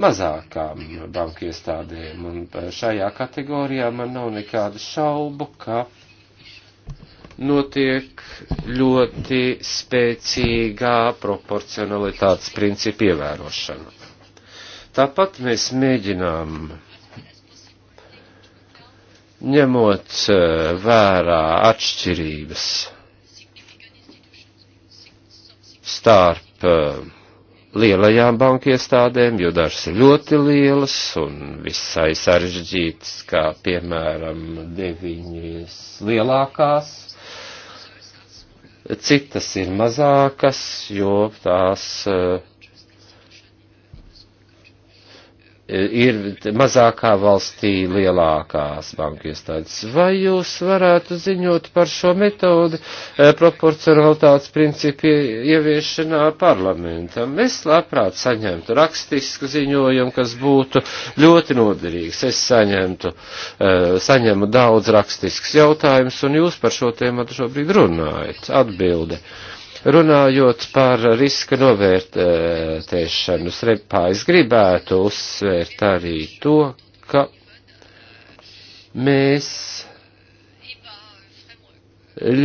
mazākām banku iestādēm. Un šajā kategorijā man nav nekādu šaubu, ka notiek ļoti spēcīgā proporcionalitātes principa ievērošana. Tāpat mēs mēģinām ņemot vērā atšķirības starp eh, lielajām banka iestādēm, jo dažas ir ļoti lielas un visai sarežģītas, kā piemēram deviņas lielākās. Citas ir mazākas, jo tās uh, ir mazākā valstī lielākās banku iestādes. Vai jūs varētu ziņot par šo metodi eh, proporcionalitātes principu ieviešanā parlamentam? Es labprāt saņemtu rakstisku ziņojumu, kas būtu ļoti noderīgs. Es saņemtu, eh, saņemu daudz rakstisks jautājums, un jūs par šo tēmu šobrīd runājat. Atbilde. Uh, Runājot par riska novērtēšanu, srepā es gribētu uzsvērt arī to, ka mēs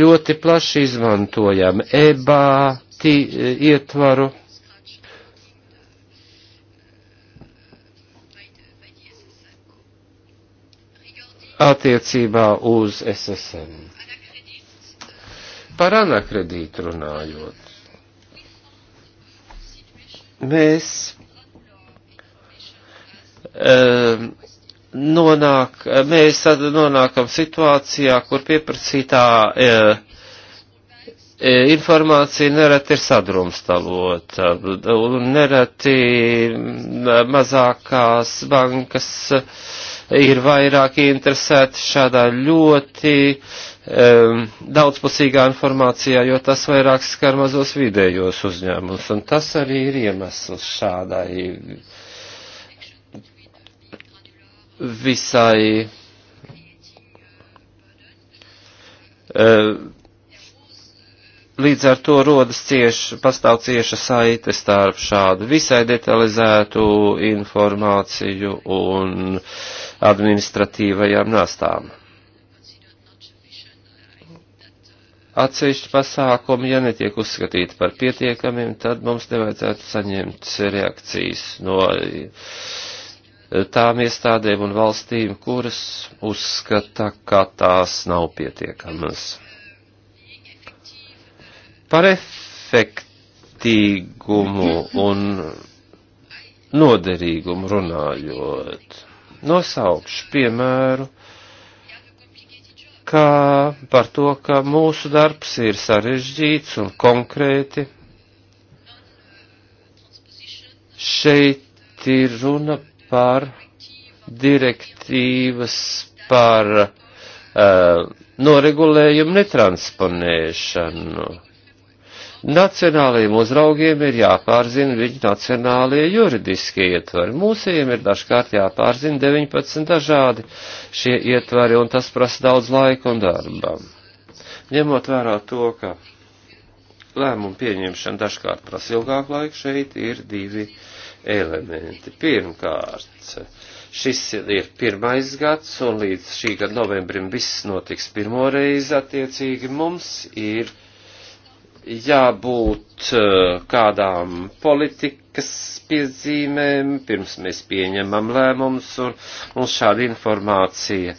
ļoti plaši izmantojam ebā ietvaru. attiecībā uz SSM. Par anakredītu runājot. Mēs um, nonāk, mēs nonākam situācijā, kur pieprasītā e, e, informācija nereti ir sadrumstalota, un nereti mazākās bankas ir vairāk interesēti šādā ļoti um, daudzpusīgā informācijā, jo tas vairāk skar mazos vidējos uzņēmumus, un tas arī ir iemesls šādai visai um, līdz ar to rodas cieši, pastāv cieša saite starp šādu visai detalizētu informāciju un administratīvajām nastām. atsevišķi pasākumi, ja netiek uzskatīti par pietiekamiem, tad mums nevajadzētu saņemt reakcijas no eh, tām iestādēm un valstīm, kuras uzskata, ka tās nav pietiekamas. Par efektīgumu un noderīgumu runājot, nosaukšu piemēru ka par to, ka mūsu darbs ir sarežģīts un konkrēti. Šeit ir runa par direktīvas par uh, noregulējumu netransponēšanu. Nacionālajiem uzraugiem ir jāpārzina viņu nacionālie juridiskie ietvari. Mūsējiem ir dažkārt jāpārzina 19 dažādi šie ietvari, un tas prasa daudz laika un darba. Ņemot vērā to, ka lēmumu pieņemšana dažkārt prasa ilgāku laiku, šeit ir divi elementi. Pirmkārt, šis ir pirmais gads, un līdz šī gada novembrim viss notiks pirmoreiz attiecīgi mums ir jābūt eh, kādām politikas piezīmēm, pirms mēs pieņemam lēmumus, un mums šāda informācija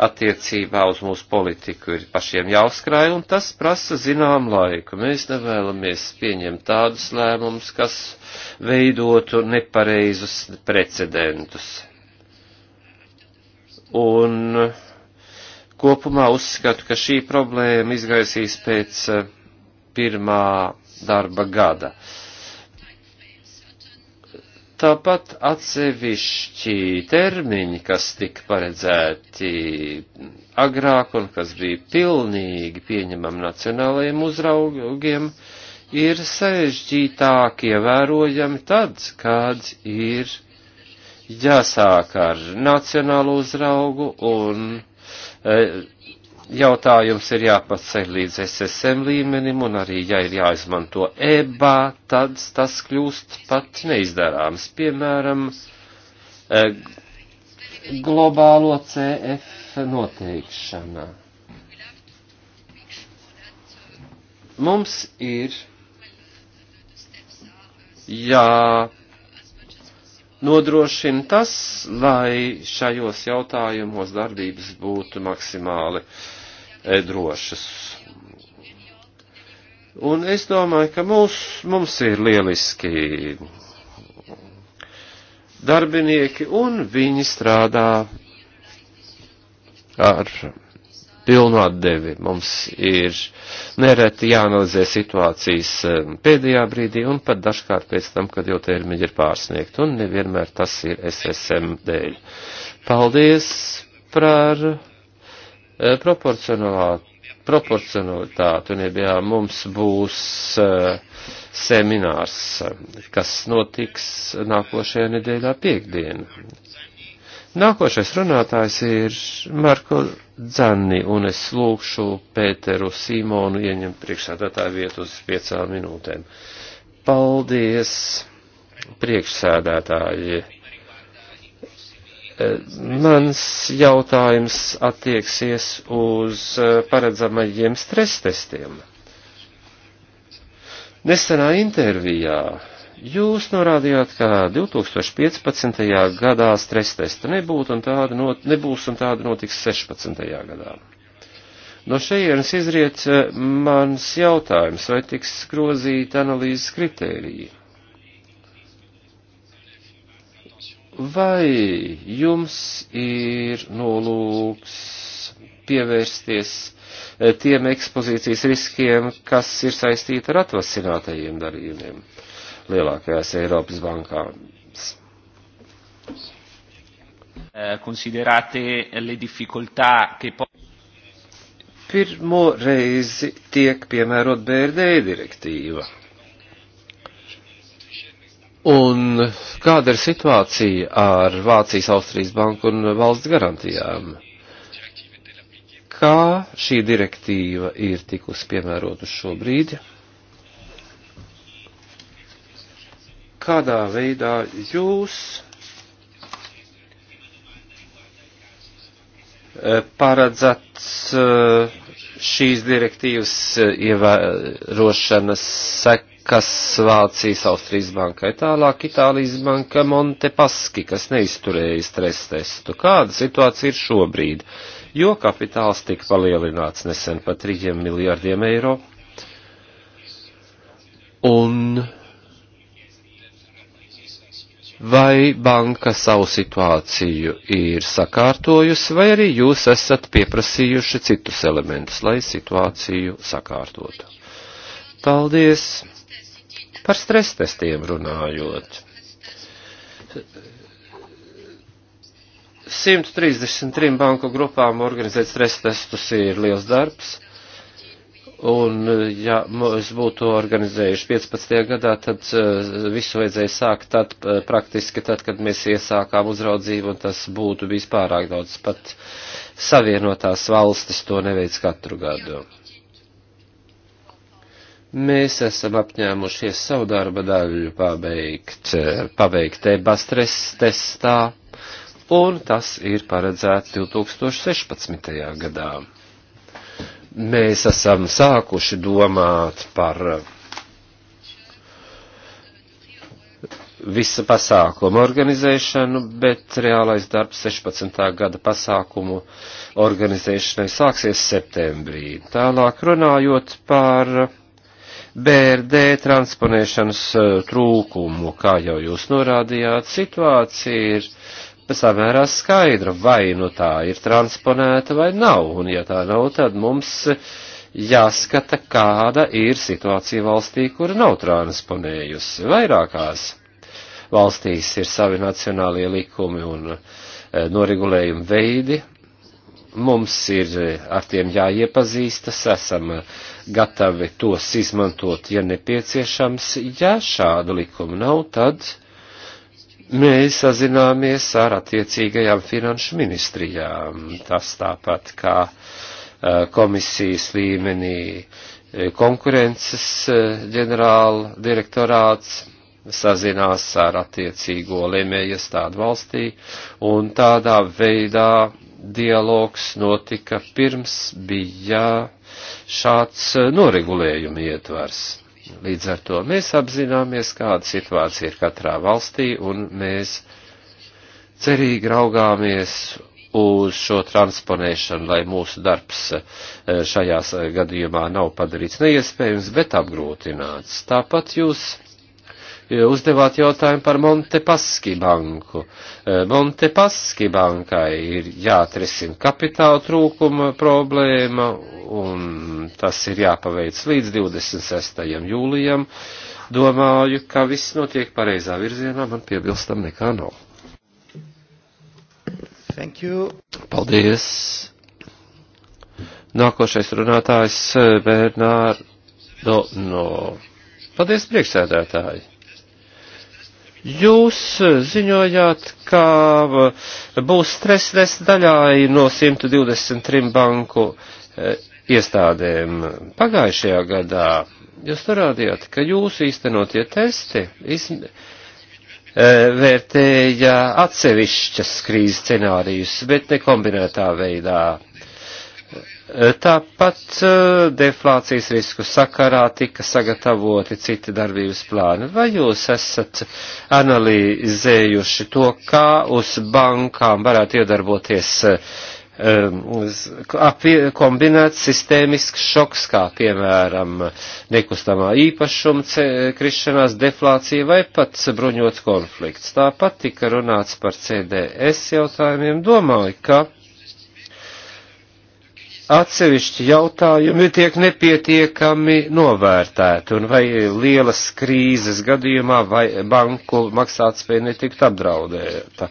attiecībā uz mūsu politiku ir pašiem jāuzkrāj, un tas prasa zinām laiku. Mēs nevēlamies pieņemt tādus lēmumus, kas veidotu nepareizus precedentus. Un kopumā uzskatu, ka šī problēma izgaisīs pēc uh, pirmā darba gada. Tāpat atsevišķi termiņi, kas tika paredzēti agrāk un kas bija pilnīgi pieņemami nacionālajiem uzraugiem, ir sarežģītāk ievērojami tad, kad ir jāsāk ar nacionālu uzraugu un e, jautājums ir jāpaceļ līdz SSM līmenim, un arī, ja ir jāizmanto EBA, tad tas kļūst pat neizdarāms. Piemēram, eh, globālo CF noteikšanā. Mums ir jā nodrošina tas, lai šajos jautājumos darbības būtu maksimāli uh, drošas. Un es domāju, ka mūs, mums ir lieliski darbinieki, un viņi strādā ar pilnu atdevi. Mums ir nereti jāanalizē situācijas um, pēdējā brīdī, un pat dažkārt pēc tam, kad jau termiņi ir pārsniegt, un nevienmēr tas ir SSM dēļ. Paldies par Eh, proporcionalitāti, un ja mums būs eh, seminārs, kas notiks nākošajā nedēļā piekdiena. Nākošais runātājs ir Marko Dzanni, un es lūkšu Pēteru Simonu ieņemt priekšsēdētāju vietu uz piecām minūtēm. Paldies, priekšsēdētāji! Mans jautājums attieksies uz eh, paredzamajiem stresstestiem. Nesenā intervijā Jūs norādījāt, ka 2015. gadā stresa testa nebūtu un tāda not, nebūs un tāda notiks 16. gadā. No šejienes izriet eh, mans jautājums, vai tiks grozīta analīzes kritērija? vai jums ir nolūks pievērsties e, tiem ekspozīcijas riskiem, kas ir saistīti ar atvasinātajiem darījumiem lielākajās Eiropas bankās? E, considerate le difficoltà che poi pirmo reizi tiek piemērot BRD direktīva. Un kāda ir situācija ar Vācijas, Austrijas banku un valsts garantijām? Kā šī direktīva ir tikusi piemērota šobrīd? Kādā veidā jūs eh, paredzat eh, šīs direktīvas eh, ievērošanas sek kas Vācijas, Austrijas bankai tālāk, Itālijas banka Montepaski, kas neizturēja stresa testu. Kāda situācija ir šobrīd? Jo kapitāls tika palielināts nesen pa 3 miljārdiem eiro. Un vai banka savu situāciju ir sakārtojusi, vai arī jūs esat pieprasījuši citus elementus, lai situāciju sakārtotu? Paldies! Par stresstestiem runājot. 133 banku grupām organizēt stresstestus ir liels darbs. Un, ja mēs būtu organizējuši 15. gadā, tad eh, visu vajadzēja sākt tad, eh, praktiski tad, kad mēs iesākām uzraudzību, un tas būtu bijis pārāk daudz. Pat savienotās valstis to neveic katru gadu. Mēs esam apņēmušies savu darba daļu pabeigt, pabeigt ebastres testā, un tas ir paredzēts 2016. gadā. Mēs esam sākuši domāt par visa pasākuma organizēšanu, bet reālais darbs 16. gada pasākumu organizēšanai sāksies septembrī. Tālāk runājot par BRD transponēšanas eh, trūkumu, kā jau jūs norādījāt, situācija ir samērā skaidra, vai nu tā ir transponēta vai nav, un ja tā nav, tad mums jāskata, kāda ir situācija valstī, kura nav transponējusi. Vairākās valstīs ir savi nacionālie likumi un eh, noregulējumi veidi, mums ir eh, ar tiem jāiepazīstas, esam eh, gatavi tos izmantot, ja nepieciešams. Ja šādu likumu nav, tad mēs sazināmies ar attiecīgajām finanšu ministrijām. Tas tāpat kā eh, komisijas līmenī konkurences ģenerāla direktorāts sazinās ar attiecīgo lēmējiestādu valstī un tādā veidā dialogs notika pirms bija šāds noregulējuma ietvars. Līdz ar to mēs apzināmies, kāda situācija ir katrā valstī, un mēs cerīgi raugāmies uz šo transponēšanu, lai mūsu darbs eh, šajās eh, gadījumā nav padarīts neiespējams, bet apgrūtināts. Tāpat jūs Eh, uzdevāt jautājumu par Montepaski banku. Eh, Montepaski bankai ir jāatrisina kapitāla trūkuma problēma, un tas ir jāpaveic līdz 26. jūlijam. Domāju, ka viss notiek pareizā virzienā, man piebilstam nekā nav. Thank you. Paldies. Nākošais runātājs eh, Bernārdo. No. Paldies, priekšsēdētāji. Jūs ziņojāt, ka uh, būs stress test daļai no 123 banku uh, iestādēm pagājušajā gadā. Jūs norādījāt, ka jūsu īstenotie testi izm, uh, vērtēja atsevišķas krīzes scenārijus, bet ne kombinētā veidā. Tāpat eh, deflācijas risku sakarā tika sagatavoti citi darbības plāni. Vai jūs esat analizējuši to, kā uz bankām varētu iedarboties eh, kombinēts sistēmisks šoks, kā piemēram nekustamā īpašuma krišanās, deflācija vai pat bruņots konflikts. Tāpat tika runāts par CDS jautājumiem. Domāju, ka atsevišķi jautājumi tiek nepietiekami novērtēti, un vai lielas krīzes gadījumā vai banku maksātspēja netikt apdraudēta.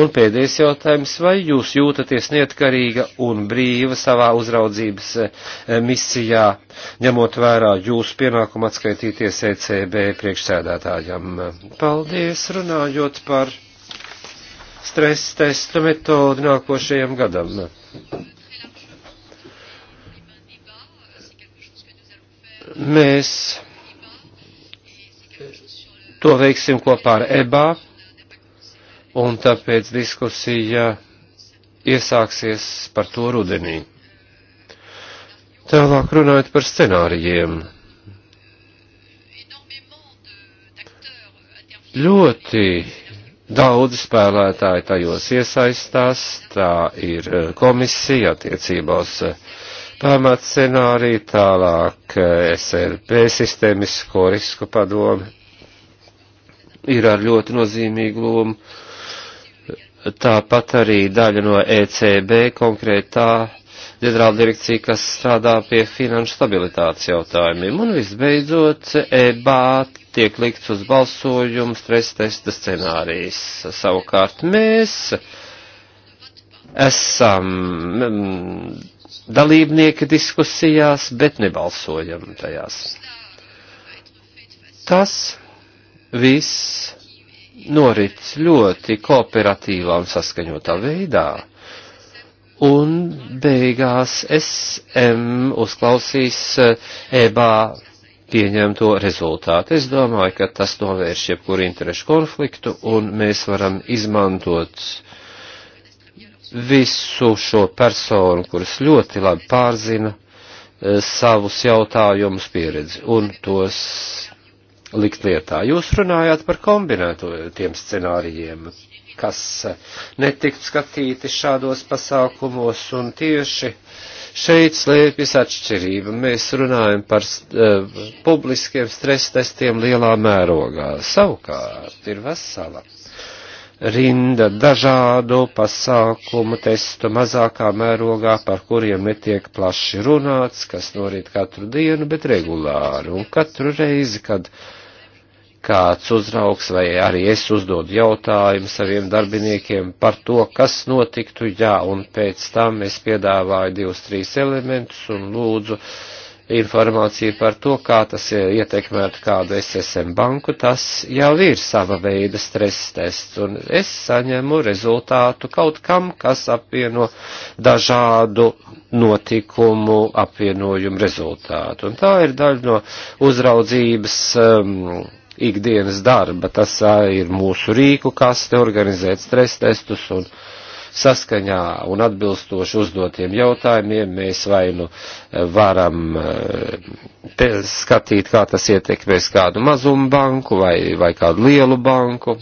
Un pēdējais jautājums, vai jūs jūtaties neatkarīga un brīva savā uzraudzības eh, misijā, ņemot vērā jūsu pienākumu atskaitīties ECB priekšsēdētājam? Paldies, runājot par stresa testu metodi nākošajam gadam. Mēs to veiksim kopā ar EBA, un tāpēc diskusija iesāksies par to rudenī. Tālāk runājot par scenārijiem. Ļoti daudz spēlētāji tajos iesaistās, tā ir eh, komisija attiecībā uz uh, pamat scenāriju, tālāk eh, SRP sistēmisko risku padome ir ar ļoti nozīmīgu lomu. Tāpat arī daļa no ECB konkrētā ģenerāla direkcija, kas strādā pie finanšu stabilitātes jautājumiem. Un visbeidzot, EBA tiek likts uz balsojumu stresa testa scenārijas. Savukārt mēs esam mm, dalībnieki diskusijās, bet nebalsojam tajās. Tas viss norit ļoti kooperatīvā un saskaņotā veidā. Un beigās SM uzklausīs EBA eh, e pieņemto rezultātu. Es domāju, ka tas novērš jebkuru interešu konfliktu un mēs varam izmantot uh, visu šo personu, kuras ļoti labi pārzina eh, savus jautājumus pieredzi un tos likt lietā. Jūs runājāt par kombinētiem scenārijiem, kas eh, netikt skatīti šādos pasākumos un tieši šeit slēpjas atšķirība. Mēs runājam par uh, publiskiem stres testiem lielā mērogā. Savukārt ir vesela rinda dažādu pasākumu testu mazākā mērogā, par kuriem netiek plaši runāts, kas norit katru dienu, bet regulāri. Un katru reizi, kad kāds uzrauks vai arī es uzdodu jautājumu saviem darbiniekiem par to, kas notiktu, jā, un pēc tam es piedāvāju divus, trīs elementus un lūdzu, uh, informāciju par to, kā tas ietekmētu kādu SSM banku, tas jau ir sava veida stress tests, un es saņemu rezultātu kaut kam, kas apvieno dažādu notikumu apvienojumu rezultātu. Un tā ir daļa no uzraudzības um, ikdienas darba, tas ir mūsu rīku kaste, organizēt stress testus un saskaņā un atbilstoši uzdotiem jautājumiem mēs vai nu eh, varam eh, skatīt, kā tas ietekmēs kādu mazumu banku vai, vai kādu lielu banku.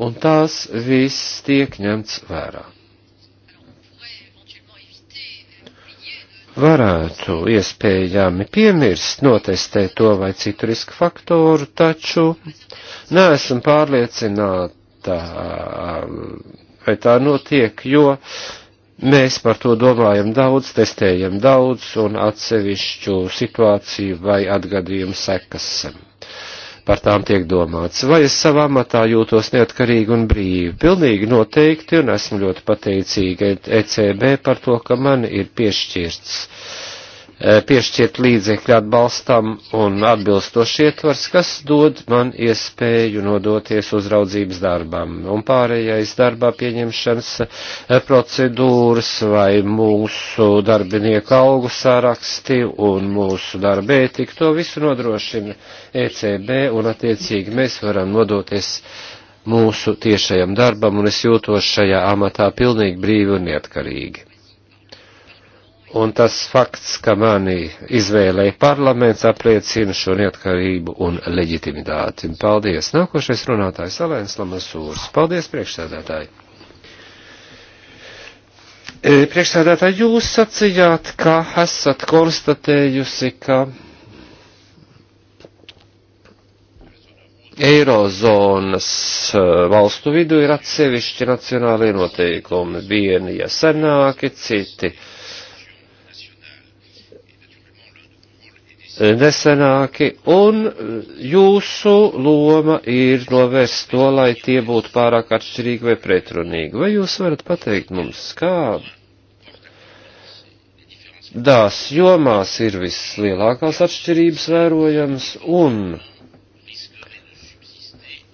Un tās viss tiek ņemts vērā. varētu iespējami piemirst, notestēt to vai citu riska faktoru, taču neesam pārliecināti, tā, vai tā notiek, jo mēs par to domājam daudz, testējam daudz un atsevišķu situāciju vai atgadījumu sekas. Par tām tiek domāts, vai es savā matā jūtos neatkarīgi un brīvi. Pilnīgi noteikti, un esmu ļoti pateicīga ECB par to, ka man ir piešķirts uh, Eh, piešķirt līdzekļu atbalstam un atbilstoši ietvars, kas dod man iespēju nodoties uzraudzības darbam. Un pārējais darbā pieņemšanas eh, procedūras vai mūsu darbinieku algu saraksti un mūsu darba ētika, to visu nodrošina ECB un attiecīgi mēs varam nodoties mūsu tiešajam darbam un es jūtos šajā amatā pilnīgi brīvi un neatkarīgi un tas fakts, ka mani izvēlēja parlaments, apliecina šo neatkarību un leģitimitāti. Paldies! Nākošais runātājs Alēns Lamasūrs. Paldies, priekšsēdētāji! E, priekšsēdētāji, jūs sacījāt, ka esat konstatējusi, ka Eirozonas e, valstu vidu ir atsevišķi nacionālie noteikumi. Vieni ja senāki, citi uh, nesenāki, un jūsu loma ir novērst to, lai tie būtu pārāk atšķirīgi vai pretrunīgi. Vai jūs varat pateikt mums, kā dās jomās ir vislielākās atšķirības vērojams un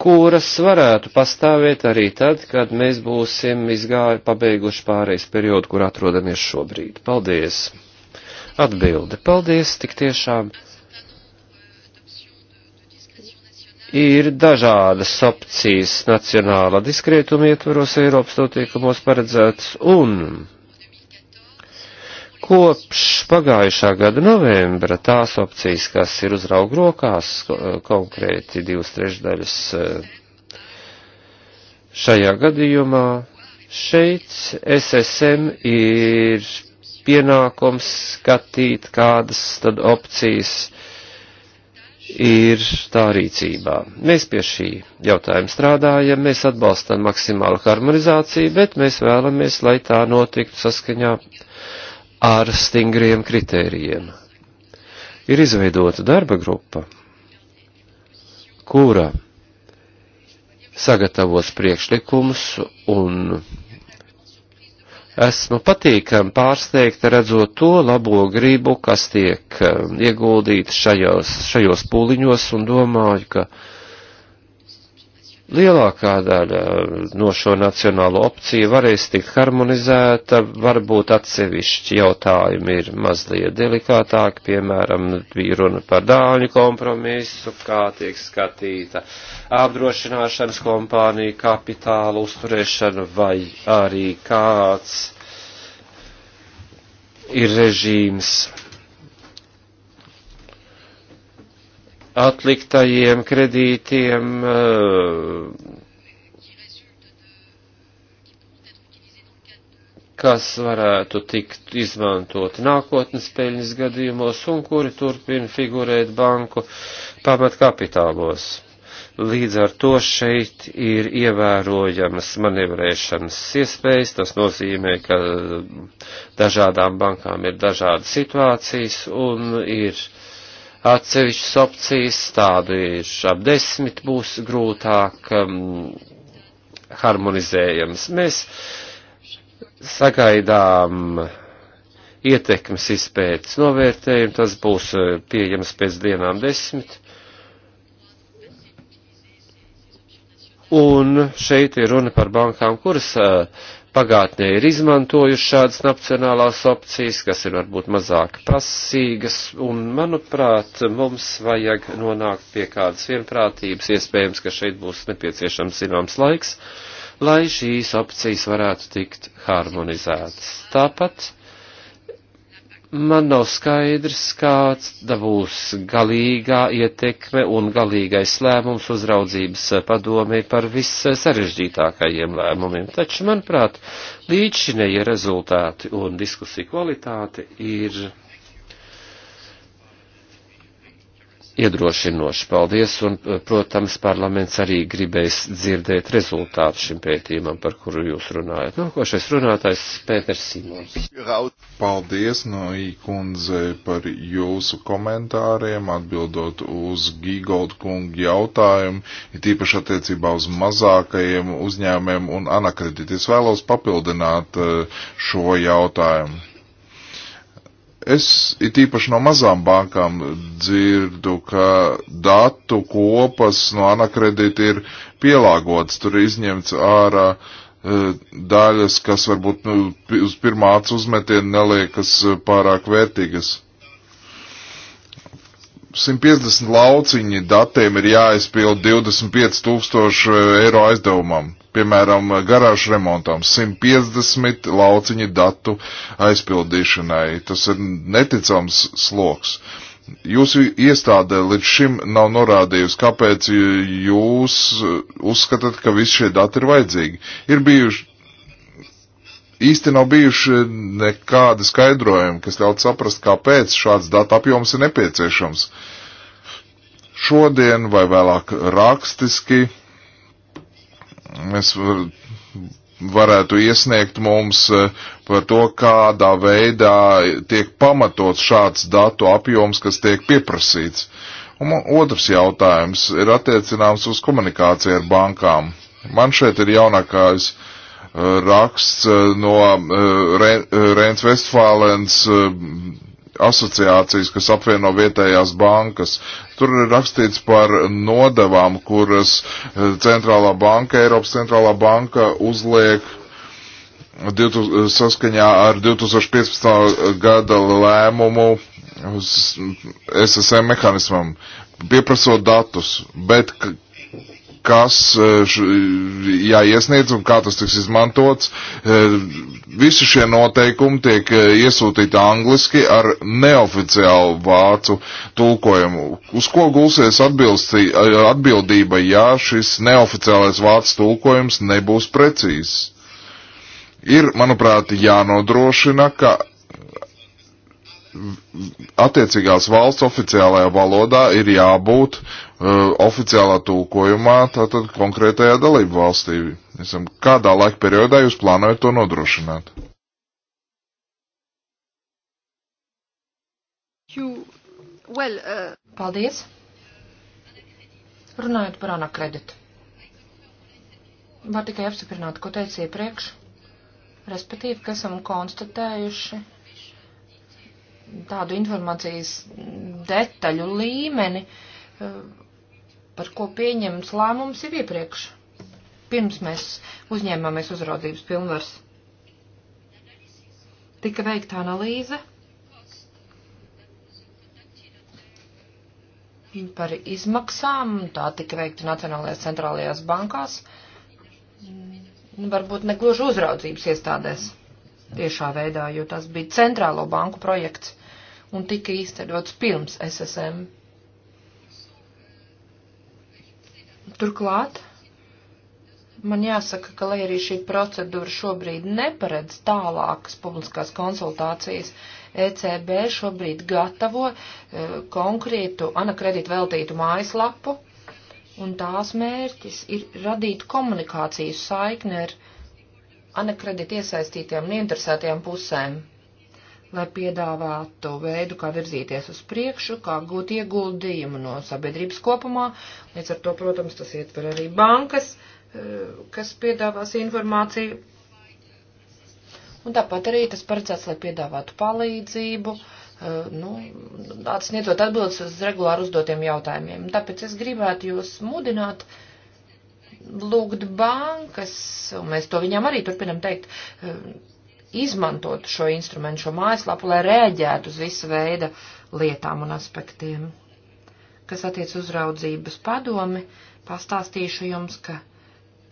kuras varētu pastāvēt arī tad, kad mēs būsim izgāju pabeiguši pārējais periodu, kur atrodamies šobrīd. Paldies! atbildi. Paldies, tik tiešām ir dažādas opcijas nacionāla diskrētuma ietvaros Eiropas notiekumos paredzētas un kopš pagājušā gada novembra tās opcijas, kas ir uzraugu rokās, konkrēti divas trešdaļas eh, šajā gadījumā, šeit SSM ir pienākums skatīt, kādas tad opcijas ir tā rīcībā. Mēs pie šī jautājuma strādājam, mēs atbalstam maksimālu harmonizāciju, bet mēs vēlamies, lai tā notiktu saskaņā ar stingriem kritērijiem. Ir izveidota darba grupa, kura sagatavos priekšlikumus un esmu patīkami pārsteigta redzot to labo gribu, kas tiek eh, ieguldīta šajos, šajos pūliņos un domāju, ka Lielākā daļa eh, no šo nacionālo opciju varēs tikt harmonizēta, varbūt atsevišķi jautājumi ir mazliet delikātāki, piemēram, bija runa par dāņu kompromisu, kā tiek skatīta apdrošināšanas kompānija, kapitāla uzturēšana vai arī kāds ir režīms atliktajiem kredītiem, eh, kas varētu tikt izmantot nākotnes peļņas gadījumos un kuri turpina figurēt banku pamatkapitālos. Līdz ar to šeit ir ievērojamas manevrēšanas iespējas, tas nozīmē, ka dažādām bankām ir dažādas situācijas un ir atsevišķas opcijas, tādu ir ap desmit būs grūtāk um, harmonizējams. Mēs sagaidām ietekmes izpētes novērtējumu, tas būs uh, pieejams pēc dienām desmit. Un šeit ir runa par bankām, kuras uh, pagātnē ir izmantojuši šādas nacionālās opcijas, kas ir varbūt mazāk prasīgas, un, manuprāt, mums vajag nonākt pie kādas vienprātības, iespējams, ka šeit būs nepieciešams zināms laiks, lai šīs opcijas varētu tikt harmonizētas. Tāpat man nav skaidrs, kāds būs galīgā ietekme un galīgais lēmums uzraudzības padomē par vissarežģītākajiem lēmumiem. Taču, manuprāt, līdzšinēja rezultāti un diskusija kvalitāte ir iedrošinoši. Paldies, un, protams, parlaments arī gribēs dzirdēt rezultātu šim pētījumam, par kuru jūs runājat. Nākošais nu, runātājs Pēters Simons. Paldies, Noī kundze, par jūsu komentāriem, atbildot uz Gigold kungu jautājumu, ir tīpaši attiecībā uz mazākajiem uzņēmiem un anakredīti. Es vēlos papildināt eh, šo jautājumu Es it īpaši no mazām bankām dzirdu, ka datu kopas no anakredīta ir pielāgotas, tur ir izņemts ārā uh, daļas, kas varbūt nu, uz pirmā acu uzmetienu neliekas pārāk vērtīgas. 150 lauciņi datiem ir jāaizpild 25 tūkstoši eiro aizdevumam piemēram, garāžu remontam, 150 lauciņu datu aizpildīšanai. Tas ir neticams sloks. Jūsu iestādē līdz šim nav norādījusi, kāpēc jūs uzskatāt, ka visi šie dati ir vajadzīgi. Ir bijuši, īsti nav bijuši nekādi skaidrojumi, kas ļautu saprast, kāpēc šāds datu apjoms ir nepieciešams. Šodien vai vēlāk rakstiski mēs varētu iesniegt mums eh, par to, kādā veidā tiek pamatots šāds datu apjoms, kas tiek pieprasīts. Un otrs jautājums ir attiecināms uz komunikāciju ar bankām. Man šeit ir jaunākais eh, raksts eh, no Reins Vestfālens asociācijas, kas apvieno vietējās bankas. Tur ir rakstīts par nodevām, kuras eh, centrālā banka, Eiropas centrālā banka uzliek 2000, saskaņā ar 2015. gada lēmumu SSM mehānismam, pieprasot datus, bet kas eh, jāiesniedz un kā tas tiks izmantots. Eh, visi šie noteikumi tiek eh, iesūtīti angliski ar neoficiālu vācu tulkojumu. Uz ko gulsies atbildi, atbildība, ja šis neoficiālais vācu tulkojums nebūs precīzs? Ir, manuprāt, jānodrošina, ka attiecīgās valsts oficiālajā valodā ir jābūt uh, oficiālā tūkojumā tātad konkrētajā dalību valstī. Esam, kādā laika periodā jūs plānojat to nodrošināt? You, well, uh... Paldies. Runājot par anakreditu. Var tikai apstiprināt, ko teicu iepriekš, respektīvi, ka esam konstatējuši tādu informācijas detaļu līmeni, eh, par ko pieņemts lēmums jau iepriekš, pirms mēs uzņēmāmies uzraudzības pilnvars. Tika veikta analīze par izmaksām, tā tika veikta Nacionālajās centrālajās bankās, varbūt negluži uzraudzības iestādēs. Mm tiešā veidā, jo tas bija centrālo banku projekts un tika īstenots pirms SSM. Turklāt man jāsaka, ka, lai arī šī procedūra šobrīd neparedz tālākas publiskās konsultācijas, ECB šobrīd gatavo e, konkrētu anakredītu veltītu mājaslapu, un tās mērķis ir radīt komunikācijas saikni ar anekredit iesaistītiem un interesētiem pusēm, lai piedāvātu veidu, kā virzīties uz priekšu, kā gūt ieguldījumu no sabiedrības kopumā. Līdz ar to, protams, tas ietver arī bankas, eh, kas piedāvās informāciju. Un tāpat arī tas paredzēts, lai piedāvātu palīdzību, eh, nu, sniedzot atbildes uz regulāri uzdotiem jautājumiem. Tāpēc es gribētu jūs mudināt uh, lūgt bankas, un mēs to viņam arī turpinam teikt, eh, izmantot šo instrumentu, šo mājaslapu, lai rēģētu uz visu veidu lietām un aspektiem. Kas attiec uzraudzības padomi, pastāstīšu jums, ka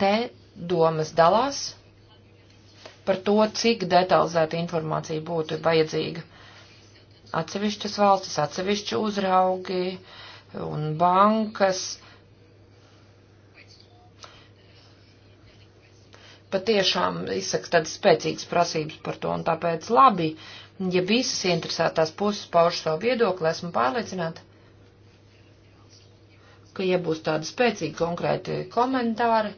te domas dalās par to, cik detalizēta informācija būtu vajadzīga. Atsevišķas valstis, atsevišķi uzraugi un bankas patiešām izsaka tādas spēcīgas prasības par to, un tāpēc labi, ja visas interesētās puses pauž savu viedokli, esmu pārliecināta, ka, ja būs tādi spēcīgi konkrēti komentāri,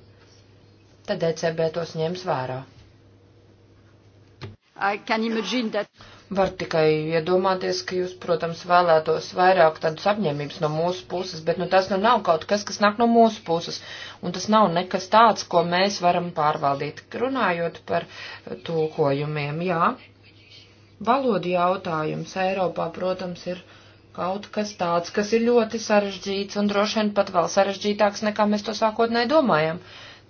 tad ECB tos ņems vērā. That... Var tikai iedomāties, ka jūs, protams, vēlētos vairāk tādas apņēmības no mūsu puses, bet nu, tas nu nav kaut kas, kas nāk no mūsu puses, un tas nav nekas tāds, ko mēs varam pārvaldīt. Runājot par tūkojumiem, jā, valodu jautājums Eiropā, protams, ir kaut kas tāds, kas ir ļoti sarežģīts un droši vien pat vēl sarežģītāks, nekā mēs to sākotnēji domājam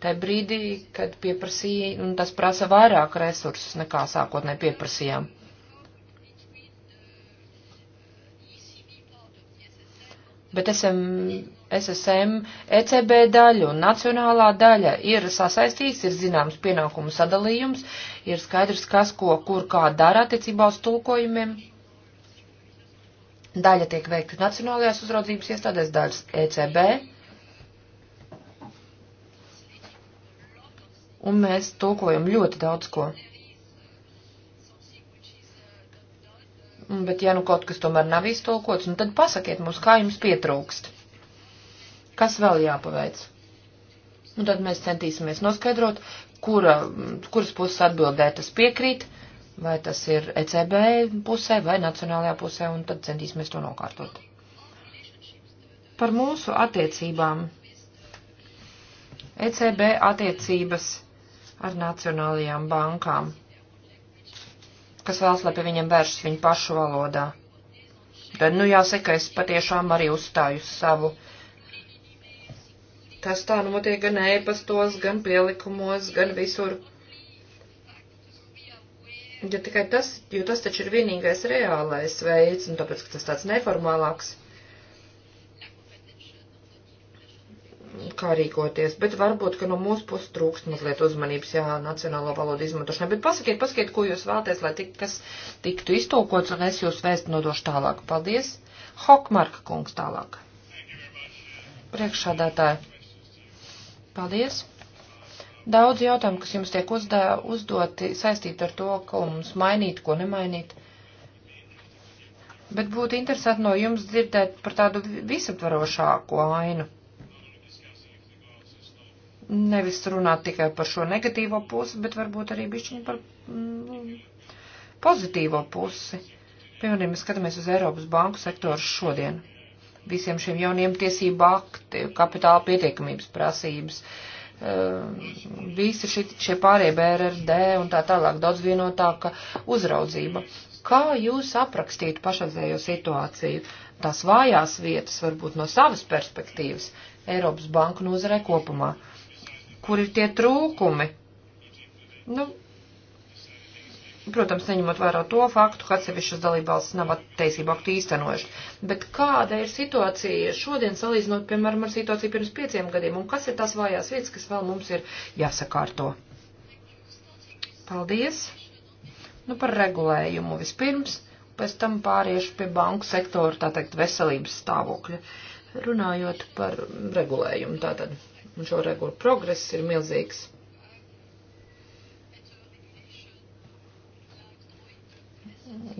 tai brīdī, kad pieprasīja, un tas prasa vairāk resursus, nekā sākotnē pieprasījām. bet esam, SSM, ECB daļa un nacionālā daļa ir sasaistīts, ir zināms pienākumu sadalījums, ir skaidrs, kas ko, kur, kā dara attiecībā uz tulkojumiem. Daļa tiek veikta nacionālajās uzraudzības iestādēs, daļas ECB. Un mēs tulkojam ļoti daudz ko. Bet ja nu kaut kas tomēr nav iztolkots, nu tad pasakiet mums, kā jums pietrūkst. Kas vēl jāpaveic? Un tad mēs centīsimies noskaidrot, kura, kuras puses atbildē tas piekrīt, vai tas ir ECB pusē vai nacionālajā pusē, un tad centīsimies to nokārtot. Par mūsu attiecībām. ECB attiecības ar nacionālajām bankām kas vēlas, lai pie viņiem vēršas viņu pašu valodā. Tad, nu, jāsaka, es patiešām arī uzstāju savu. Tas tā notiek gan ēpastos, gan pielikumos, gan visur. Ja tikai tas, jo tas taču ir vienīgais reālais veids, un tāpēc, ka tas tāds neformālāks. kā rīkoties, bet varbūt, ka no mūsu puses trūkst mazliet uzmanības, jā, nacionālo valodu izmantošanai, bet pasakiet, pasakiet, ko jūs vēlaties, lai tik, kas tiktu iztulkots, un es jūs vēstu nodošu tālāk. Paldies. Hokmarka kungs tālāk. Priekšādātāji. Paldies. Daudz jautājumu, kas jums tiek uzdā, uzdoti saistīti ar to, ko mums mainīt, ko nemainīt. Bet būtu interesanti no jums dzirdēt par tādu visaptvarošāko ainu nevis runāt tikai par šo negatīvo pusi, bet varbūt arī bišķiņu par mm, pozitīvo pusi. Piemēram, mēs skatāmies uz Eiropas banku sektoru šodien. Visiem šiem jauniem tiesību akti, kapitāla pietiekamības prasības, eh, visi šie, šie pārējie BRRD un tā tālāk daudz vienotāka uzraudzība. Kā jūs aprakstītu pašreizējo situāciju? Tās vājās vietas varbūt no savas perspektīvas Eiropas banku nozarē kopumā. Uh, kur ir tie trūkumi. Nu, protams, neņemot vērā to faktu, ka atsevišķas dalībvalstis nav tiesību aktu īstenojuši. Bet kāda ir situācija šodien salīdzinot, piemēram, ar situāciju pirms pieciem gadiem, un kas ir tās vājās vietas, kas vēl mums ir jāsakārto? Paldies! Nu, par regulējumu vispirms, pēc tam pāriešu pie banku sektora, tā teikt, veselības stāvokļa, runājot par regulējumu tātad un šo regulu progress ir milzīgs.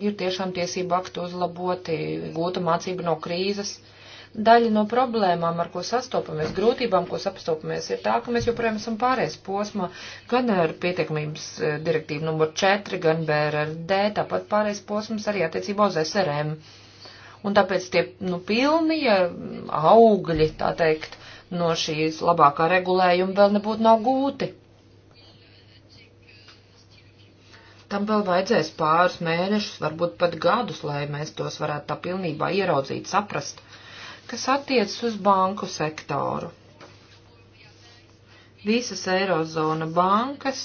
Ir tiešām tiesība aktu uzlaboti, gūta mācība no krīzes. Daļa no problēmām, ar ko sastopamies, grūtībām, ko sastopamies, ir tā, ka mēs joprojām esam pārējais posmā, gan ar pietiekamības eh, direktīvu numur 4, gan BRD, tāpat pārējais posms arī attiecībā uz SRM un tāpēc tie, nu, pilnie augļi, tā teikt, no šīs labākā regulējuma vēl nebūtu nav gūti. Tam vēl vajadzēs pāris mēnešus, varbūt pat gadus, lai mēs tos varētu tā pilnībā ieraudzīt, saprast, kas attiecas uz banku sektoru. Visas Eirozona bankas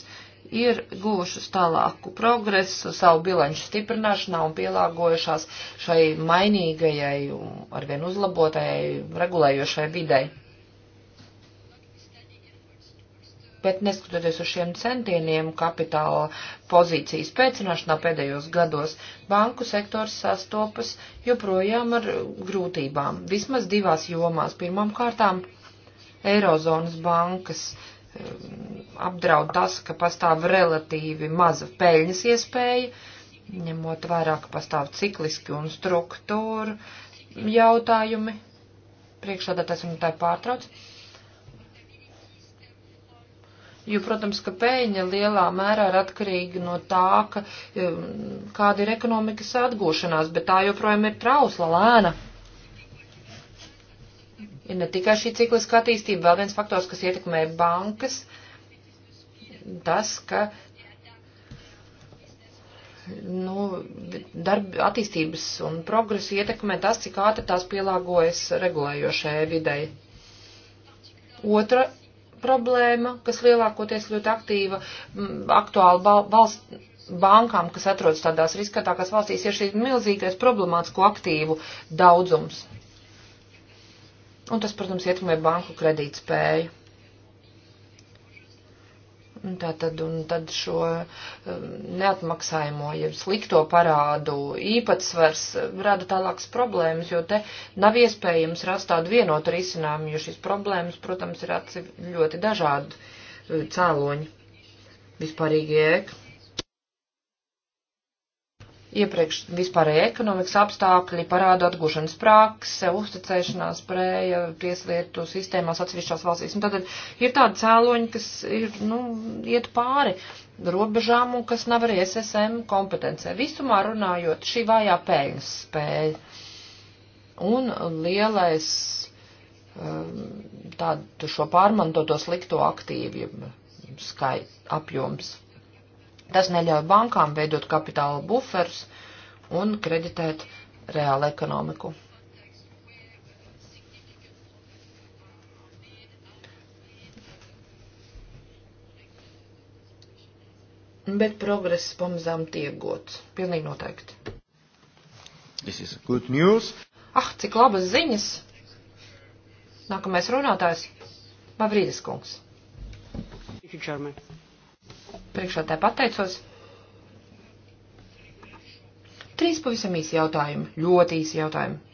ir guvušas tālāku progresu savu bilanču stiprināšanā un pielāgojušās šai mainīgajai un arvien uzlabotajai regulējošai videi. bet neskatoties uz šiem centieniem kapitāla pozīcijas pēcināšanā pēdējos gados, banku sektors sastopas joprojām ar grūtībām, vismaz divās jomās. Pirmām kārtām Eirozonas bankas um, apdraud tas, ka pastāv relatīvi maza peļņas iespēja, ņemot vērā, ka pastāv cikliski un struktūru jautājumi. Priekšādā tas un tā pārtrauc. Jo, protams, ka pēļņa lielā mērā ir atkarīga no tā, ka, um, kāda ir ekonomikas atgūšanās, bet tā joprojām ir trausla, lēna. Ir ne tikai šī cikliska attīstība, vēl viens faktors, kas ietekmē bankas, tas, ka nu, darba attīstības un progresu ietekmē tas, cik ātri tās pielāgojas regulējošajai videi. Otra problēma, kas lielākoties ļoti aktīva, aktuāla valsts bankām, kas atrodas tādās riskatākās valstīs, ir šī milzīgais problemātisko aktīvu daudzums. Un tas, protams, ietekmē banku kredītspēju. Tā tad, un tad šo um, neatmaksājumo, jeb ja slikto parādu īpatsvars uh, rada tālākas problēmas, jo te nav iespējams rast tādu vienotu risinājumu, jo šīs problēmas, protams, ir ļoti dažādi uh, cēloņi. Vispārīgie iepriekš vispārēja ekonomikas apstākļi, parādu atgūšanas prakse, uzticēšanās prēja tieslietu sistēmās atsevišķās valstīs. Un tad ir tādi cēloņi, kas ir, nu, iet pāri robežām un kas nav arī SSM kompetencē. Visumā runājot, šī vājā pēļņas spēja un lielais um, tādu šo pārmantoto slikto aktīvu skaitu apjoms. Tas neļauj bankām veidot kapitāla buferus un kreditēt reālu ekonomiku. Bet progress pamazām tiek gods. Pilnīgi noteikti. This is good news. Ah, cik labas ziņas! Nākamais runātājs - Mavrīdis kungs. Thank you, Chairman. Priekšādā pateicos. Trīs pavisam īsi jautājumi, ļoti īsi jautājumi.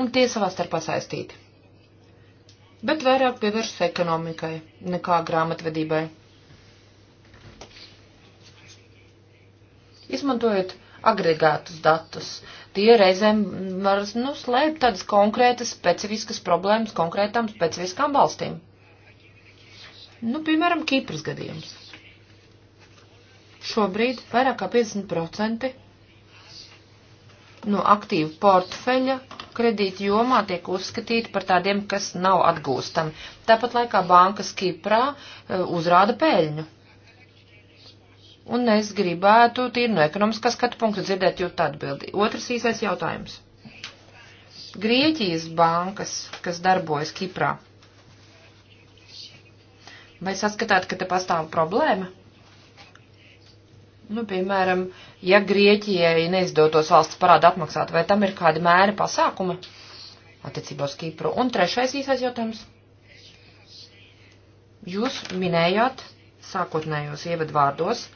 Un tie savā starpā saistīti. Bet vairāk pievēršas ekonomikai nekā grāmatvedībai. Izmantojot agregātus datus. Tie reizēm var nu, slēpt tādas konkrētas, specifiskas problēmas konkrētām specifiskām valstīm. Nu, piemēram, Kipras gadījums. Šobrīd vairāk kā 50% no aktīvu portfeļa kredīti jomā tiek uzskatīti par tādiem, kas nav atgūstami. Tāpat laikā bankas Kiprā eh, uzrāda pēļņu. Un es gribētu tīri no ekonomiskā skatu punkta dzirdēt jūtu atbildi. Otrs īsais jautājums. Grieķijas bankas, kas darbojas Kiprā, vai saskatāt, ka te pastāv problēma? Nu, piemēram, ja Grieķijai neizdotos valsts parādu atmaksāt, vai tam ir kādi mēri pasākumi attiecībā uz Kipru? Un trešais īsais jautājums. Jūs minējāt sākotnējos ievadvārdos,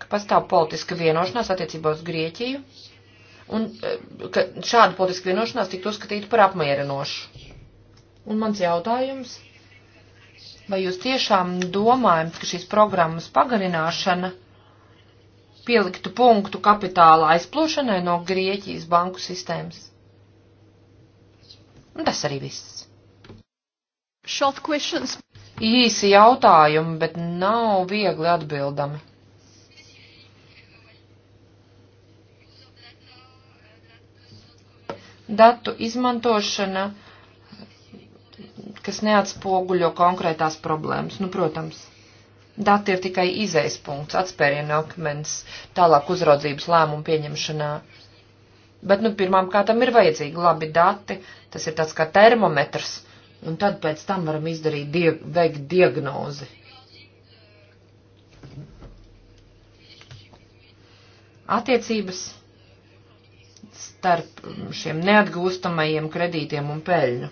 ka pastāv politiska vienošanās attiecībā uz Grieķiju, un e, ka šāda politiska vienošanās tiktu uzskatīta par apmierinošu. Un mans jautājums, vai jūs tiešām domājat, ka šīs programmas pagarināšana pieliktu punktu kapitāla aizplūšanai no Grieķijas banku sistēmas? Un tas arī viss. Short questions. Īsi jautājumi, bet nav viegli atbildami. datu izmantošana, kas neatspoguļo konkrētās problēmas. Nu, protams, dati ir tikai izējas punkts, atspērienu akmens, tālāk uzraudzības lēmumu pieņemšanā. Bet, nu, pirmām kārtām ir vajadzīgi labi dati, tas ir tāds kā termometrs, un tad pēc tam varam izdarīt, diag veikt diagnozi. Attiecības starp šiem neatgūstamajiem kredītiem un peļņu.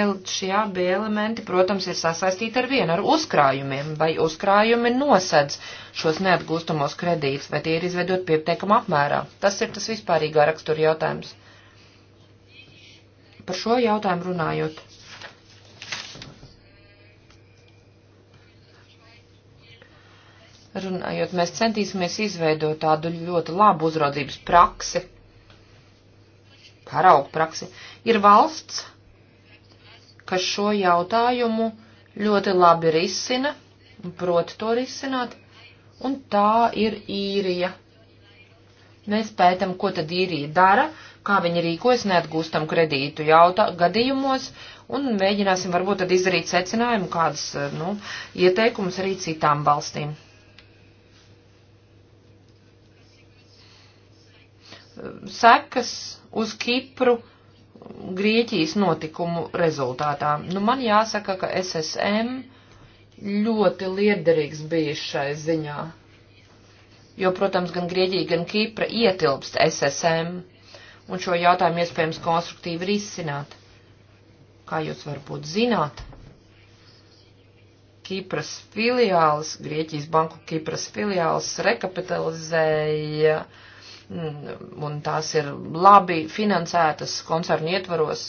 El, šie abi elementi, protams, ir sasaistīti ar vienu, ar uzkrājumiem, vai uzkrājumi nosedz šos neatgūstamos kredītus, vai tie ir izveidot pietiekamā apmērā. Tas ir tas vispārīgā rakstura jautājums. Par šo jautājumu runājot. runājot, mēs centīsimies izveidot tādu ļoti labu uzraudzības praksi, paraugu praksi. Ir valsts, kas šo jautājumu ļoti labi risina, prot to risināt, un tā ir īrija. Mēs pētam, ko tad īrija dara, kā viņi rīkojas neatgūstam kredītu jautā, gadījumos, un mēģināsim varbūt tad izdarīt secinājumu kādas, nu, ieteikumus arī citām valstīm. sekas uz Kipru Grieķijas notikumu rezultātā. Nu, man jāsaka, ka SSM ļoti liederīgs bija šai ziņā. Jo, protams, gan Grieķija, gan Kipra ietilpst SSM, un šo jautājumu iespējams konstruktīvi risināt. Kā jūs varbūt zināt, Kipras filiāls, Grieķijas banku Kipras filiāls rekapitalizēja uh, Mm, un tās ir labi finansētas koncernu ietvaros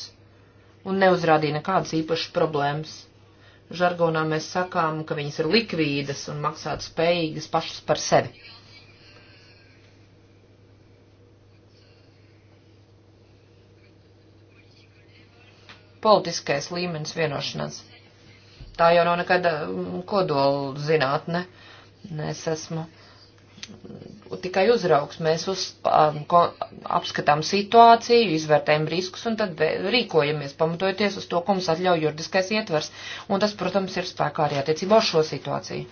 un neuzrādīja nekādas īpašas problēmas. Žargonā mēs sakām, ka viņas ir likvīdas un maksāt spējīgas pašas par sevi. Politiskais līmenis vienošanās. Tā jau nav nekāda kodola zinātne. Es esmu tikai uzraugs. Mēs uz, um, ko, apskatām situāciju, izvērtējam riskus un tad rīkojamies, pamatojoties uz to, ko mums atļauj juridiskais ietvers. Un tas, protams, ir spēkā arī attiecībā uz šo situāciju.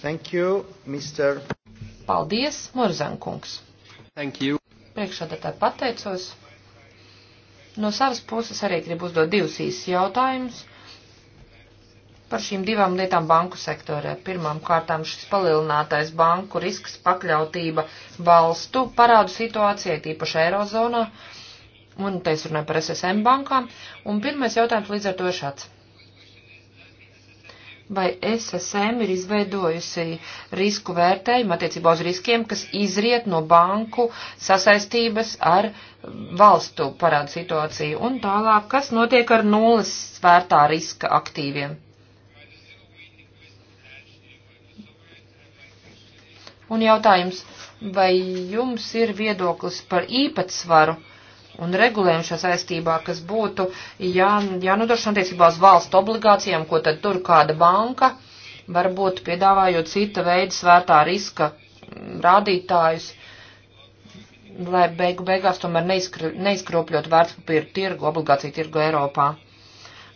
Thank you, Mr. Paldies, Morzankungs. Thank you. Priekšādatā pateicos. No savas puses arī gribu uzdot divus īsus jautājumus par šīm divām lietām banku sektorē. Pirmām kārtām šis palielinātais banku risks pakļautība valstu parādu situācijai, tīpaši Eirozonā, un te es runāju par SSM bankām, un pirmais jautājums līdz ar to ir šāds. Vai SSM ir izveidojusi risku vērtējumu attiecībā uz riskiem, kas izriet no banku sasaistības ar valstu parādu situāciju? Un tālāk, kas notiek ar nulles vērtā riska aktīviem? Un jautājums, vai jums ir viedoklis par īpatsvaru un regulējumu šā saistībā, kas būtu jā, jānodrošina attiecībā uz valstu obligācijām, ko tad tur kāda banka, varbūt piedāvājot cita veida svētā riska rādītājus, lai beigu beigās tomēr neizkr neizkropļot vērtspapīru tirgu, obligāciju tirgu Eiropā.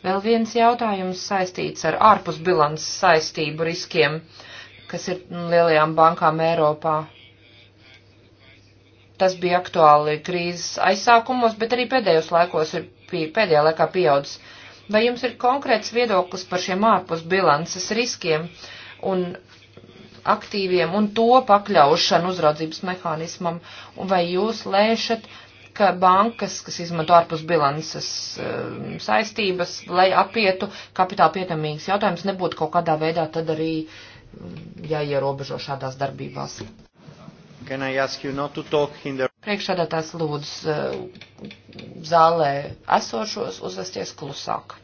Vēl viens jautājums saistīts ar ārpusbilans saistību riskiem. Uh, kas ir lielajām bankām Eiropā. Tas bija aktuāli krīzes aizsākumos, bet arī pēdējos laikos ir pie, pēdējā laikā pieaudzis. Vai jums ir konkrēts viedoklis par šiem ārpus bilances riskiem un aktīviem un to pakļaušanu uzraudzības mehānismam, un vai jūs lēšat, ka bankas, kas izmanto ārpus bilances um, saistības, lai apietu kapitāla pietamīgas jautājumus, nebūtu kaut kādā veidā tad arī uh, Mm, jāierobežo šādās darbībās. The... Priekšādātājs lūdzu uh, zālē esošos uzvesties klusāk.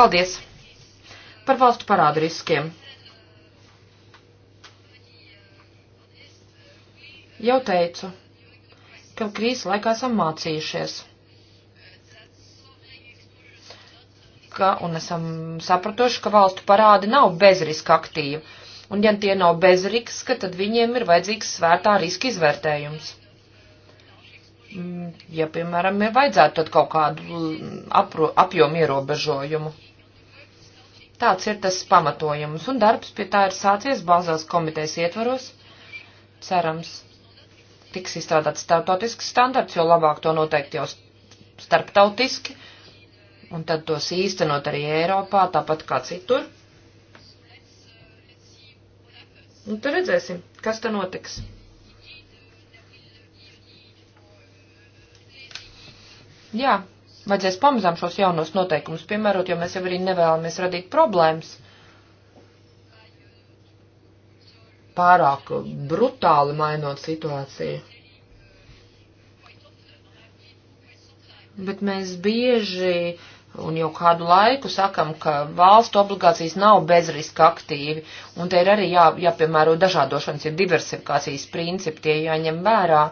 Paldies par valstu parādu riskiem. Jau teicu, ka krīzes laikā esam mācījušies. ka, un esam sapratuši, ka valstu parādi nav bezriska aktīvi. Un ja tie nav bezriska, tad viņiem ir vajadzīgs svētā riska izvērtējums. Mm, ja, piemēram, ir vajadzētu tad kaut kādu mm, apro, apjomu ierobežojumu. Tāds ir tas pamatojums, un darbs pie tā ir sācies Bāzās komitejas ietvaros. Cerams, tiks izstrādāts starptautisks standarts, jo labāk to noteikti jau starptautiski. Uh, un tad tos īstenot arī Eiropā, tāpat kā citur. Un tad redzēsim, kas te notiks. Jā, vajadzēs pamazām šos jaunos noteikumus piemērot, jo mēs jau arī nevēlamies radīt problēmas. Pārāk brutāli mainot situāciju. Bet mēs bieži uh, un jau kādu laiku sakam, ka valstu obligācijas nav bezriska aktīvi, un te ir arī jā, jāpiemēro dažādošanas, ir diversifikācijas principi, tie jāņem vērā,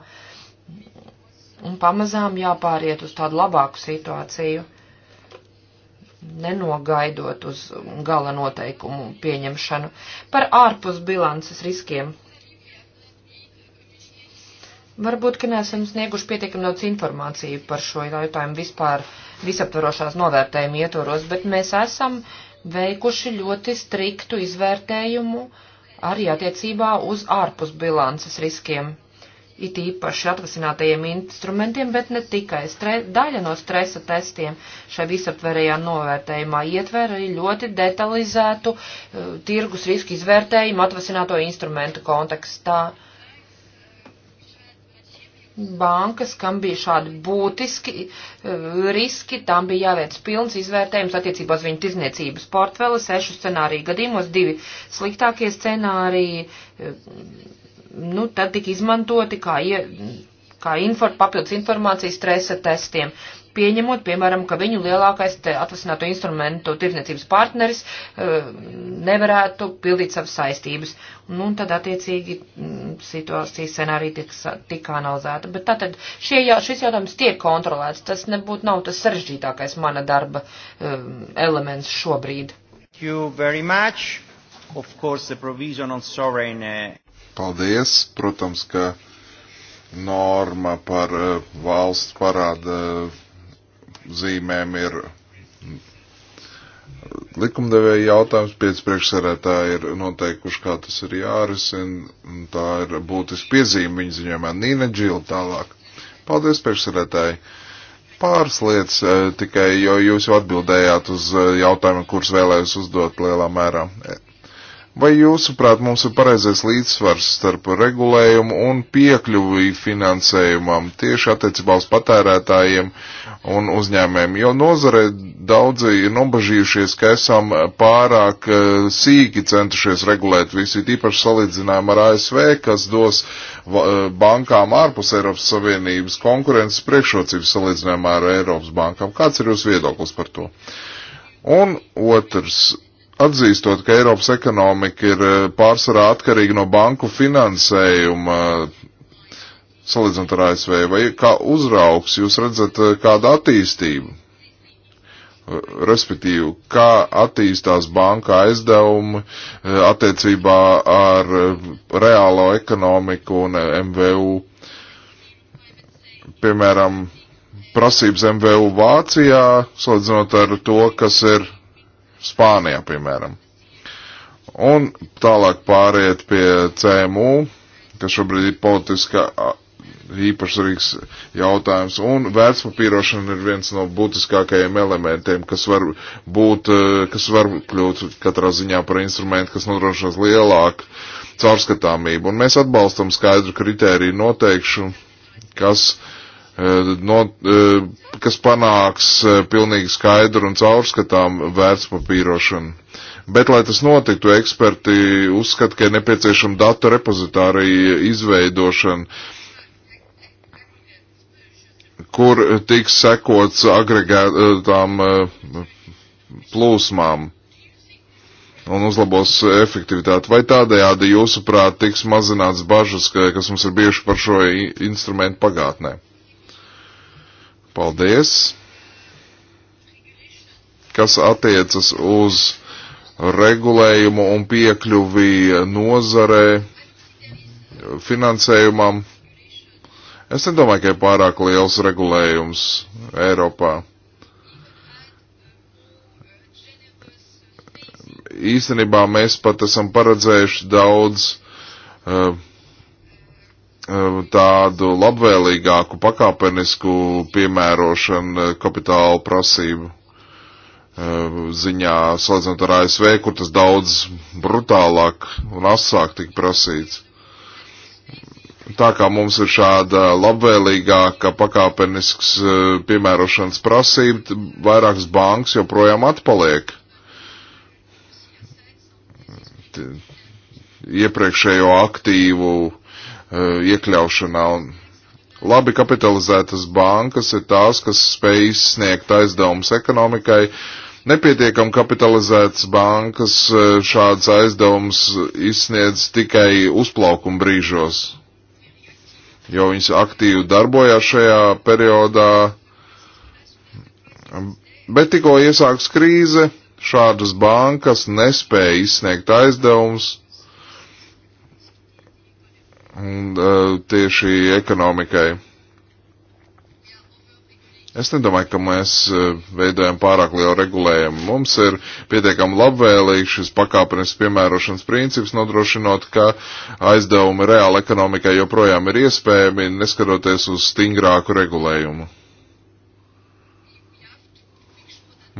un pamazām jāpāriet uz tādu labāku situāciju, nenogaidot uz gala noteikumu pieņemšanu par ārpus bilances riskiem. Varbūt, ka neesam snieguši pietiekami daudz informāciju par šo jautājumu vispār. Uh, visaptvarošās novērtējuma ietvaros, bet mēs esam veikuši ļoti striktu izvērtējumu arī attiecībā uz ārpus bilances riskiem. It īpaši atvasinātajiem instrumentiem, bet ne tikai. Stre daļa no stresa testiem šai visaptverējā novērtējumā ietver arī ļoti detalizētu uh, tirgus risku izvērtējumu atvasināto instrumentu kontekstā. Uh, bankas, kam bija šādi būtiski eh, riski, tam bija jāveic pilns izvērtējums attiecībā uz viņu tirzniecības portfeli, sešu scenāriju gadījumos, divi sliktākie scenāriji, eh, nu, tad tika izmantoti kā, ie, kā infor, papildus informācija stresa testiem pieņemot, piemēram, ka viņu lielākais atvasināto instrumentu tirdzniecības partneris e, nevarētu pildīt savas saistības. Nu, un tad, attiecīgi, mm, situācija scenārija tika, tika analizēta. Bet tātad šie, šis jautājums tiek kontrolēts. Tas nebūtu nav tas sarežģītākais mana darba e, elements šobrīd. Course, sovereign... E, Paldies, protams, ka norma par valsts parāda zīmēm ir likumdevēja jautājums, pēc priekšsarētāji ir noteikuši, kā tas ir jārisina, un tā ir būtiski piezīme viņa ziņojumā. Nīna Džila tālāk. Paldies, priekšsarētāji. Pāris lietas e, tikai, jo jūs jau atbildējāt uz e, jautājumu, kurus vēlējos uzdot lielā mērā. E, Vai jūsuprāt mums ir pareizais līdzsvars starp regulējumu un piekļuvi finansējumam tieši attiecībā uz patērētājiem un uzņēmējiem? Jo nozarē daudzi ir nobažījušies, ka esam pārāk eh, sīki centušies regulēt visu, tīpaši salīdzinājumā ar ASV, kas dos eh, bankām ārpus Eiropas Savienības konkurences priekšrocības salīdzinājumā ar Eiropas bankām. Kāds ir jūsu viedoklis par to? Un otrs atzīstot, ka Eiropas ekonomika ir eh, pārsvarā atkarīga no banku finansējuma, salīdzinot ar ASV, vai kā uzraugs jūs redzat eh, kādu attīstību? Eh, respektīvi, kā attīstās banka aizdevumi attiecībā ar reālo ekonomiku un MVU? Piemēram, prasības MVU Vācijā, salīdzinot ar to, kas ir Spānijā, piemēram. Un tālāk pāriet pie CMU, kas šobrīd ir politiska īpašsarīgs jautājums, un vērtspapīrošana ir viens no būtiskākajiem elementiem, kas var būt, e, kas var kļūt katrā ziņā par instrumentu, kas nodrošinās lielāku caurskatāmību. Un mēs atbalstam skaidru kritēriju noteikšu, kas uh, Eh, no, eh, kas panāks eh, pilnīgi skaidru un caurskatām vērtspapīrošanu. Bet, lai tas notiktu, eksperti uzskata, ka ir nepieciešama datu repozitārija izveidošana, kur tiks sekots agregētām plūsmām un uzlabos efektivitāti. Vai tādējādi, jūsuprāt, tiks mazināts bažas, kas mums ir bieži par šo instrumentu pagātnē? Paldies! Kas attiecas uz regulējumu un piekļuvi nozarē, finansējumam, es nedomāju, ka ir pārāk liels regulējums Eiropā. Īstenībā mēs pat esam paredzējuši daudz uh, Eh, tādu labvēlīgāku pakāpenisku piemērošanu eh, kapitāla prasību eh, ziņā, salīdzinot ar ASV, kur tas daudz brutālāk un asāk tika prasīts. Tā kā mums ir šāda labvēlīgāka pakāpenisks piemērošanas prasība, vairākas bankas joprojām atpaliek. Iepriekšējo aktīvu uh, E, iekļaušanā. Un labi kapitalizētas bankas ir tās, kas spēj izsniegt aizdevumus ekonomikai. Nepietiekam kapitalizētas bankas e, šādas aizdevumus izsniedz tikai uzplaukuma brīžos, jo viņas aktīvi darbojās šajā periodā. Bet tikko iesāks krīze, šādas bankas nespēja izsniegt aizdevumus, un eh, tieši ekonomikai. Es nedomāju, ka mēs eh, veidojam pārāk lielu regulējumu. Mums ir pietiekami labvēlīgs šis pakāpenes piemērošanas princips, nodrošinot, ka aizdevumi reāli ekonomikai joprojām ir iespējami, neskatoties uz stingrāku regulējumu.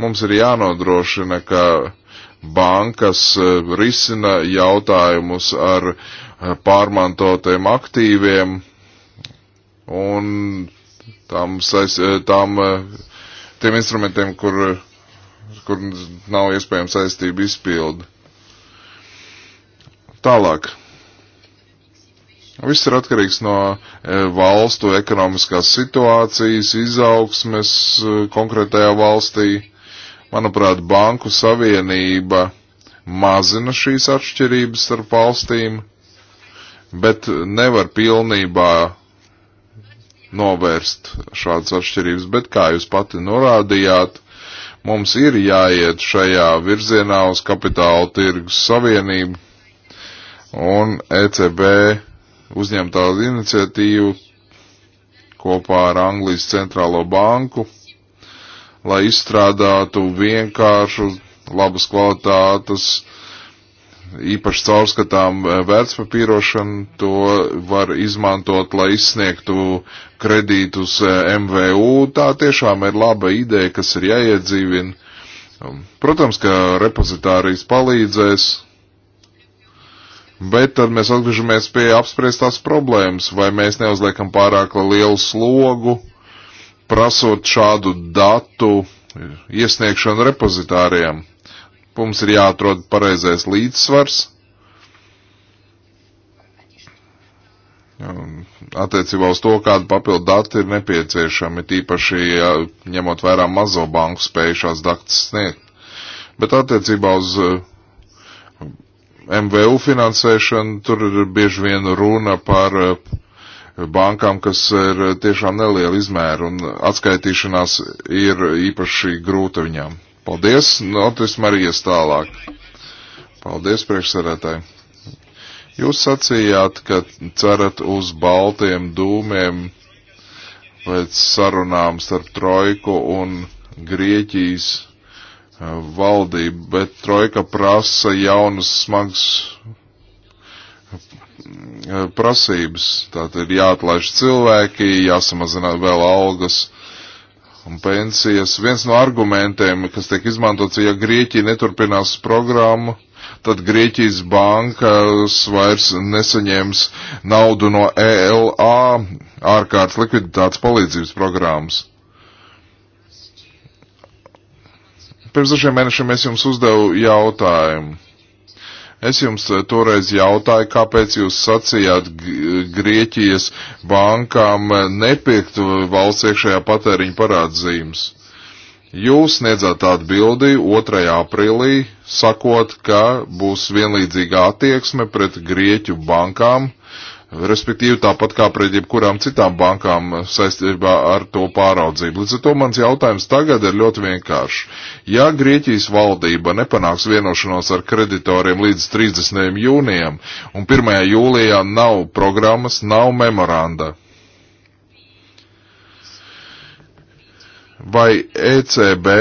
Mums ir jānodrošina, ka bankas eh, risina jautājumus ar uh, pārmantotiem aktīviem un tām, eh, tām, eh, tiem instrumentiem, kur, kur nav iespējams saistība izpildi. Tālāk. Viss ir atkarīgs no eh, valstu ekonomiskās situācijas, izaugsmes konkrētajā valstī. Manuprāt, Banku Savienība mazina šīs atšķirības starp valstīm bet nevar pilnībā novērst šādas atšķirības. Bet, kā jūs pati norādījāt, mums ir jāiet šajā virzienā uz kapitāla tirgus savienību un ECB uzņem tādu iniciatīvu kopā ar Anglijas centrālo banku, lai izstrādātu vienkāršu, labas kvalitātes, uh, īpaši caurskatām eh, vērtspapīrošanu, to var izmantot, lai izsniegtu kredītus eh, MVU. Tā tiešām ir laba ideja, kas ir jāiedzīvina. Um, protams, ka repozitārijas palīdzēs, bet tad mēs atgriežamies pie apspriestās problēmas, vai mēs neuzliekam pārāk lielu slogu, prasot šādu datu iesniegšanu repozitārijam Mums ir jāatrod pareizais līdzsvars. Attiecībā uz to, kāda papildu dati ir nepieciešami, tīpaši ja, ņemot vērā mazo banku spējušās daktas sniegt. Bet attiecībā uz eh, MVU finansēšanu tur ir bieži vien runa par eh, bankām, kas ir tiešām neliela izmēra un atskaitīšanās ir īpaši grūta viņām. Paldies, Notis nu, Marijas tālāk. Paldies, priekšsarētāji. Jūs sacījāt, ka cerat uz baltiem dūmiem pēc sarunām starp Trojku un Grieķijas eh, valdību, bet Trojka prasa jaunas smagas eh, prasības. Tātad ir jāatlaiž cilvēki, jāsamazina vēl algas un pensijas. Viens no argumentiem, kas tiek izmantots, ja Grieķija neturpinās programmu, tad Grieķijas bankas vairs nesaņems naudu no ELA ārkārtas likviditātes palīdzības programmas. Pirms dažiem mēnešiem es jums uzdevu jautājumu Es jums eh, toreiz jautāju, kāpēc jūs sacījāt Grieķijas bankām eh, nepirkt valsts iekšējā patēriņa parādzīmes. Jūs sniedzāt atbildi 2. aprīlī, sakot, ka būs vienlīdzīga attieksme pret Grieķu bankām Respektīvi tāpat kā pret jebkurām citām bankām saistībā ar to pāraudzību. Līdz ar to mans jautājums tagad ir ļoti vienkāršs. Ja Grieķijas valdība nepanāks vienošanos ar kreditoriem līdz 30. jūnijam un 1. jūlijā nav programmas, nav memoranda, vai ECB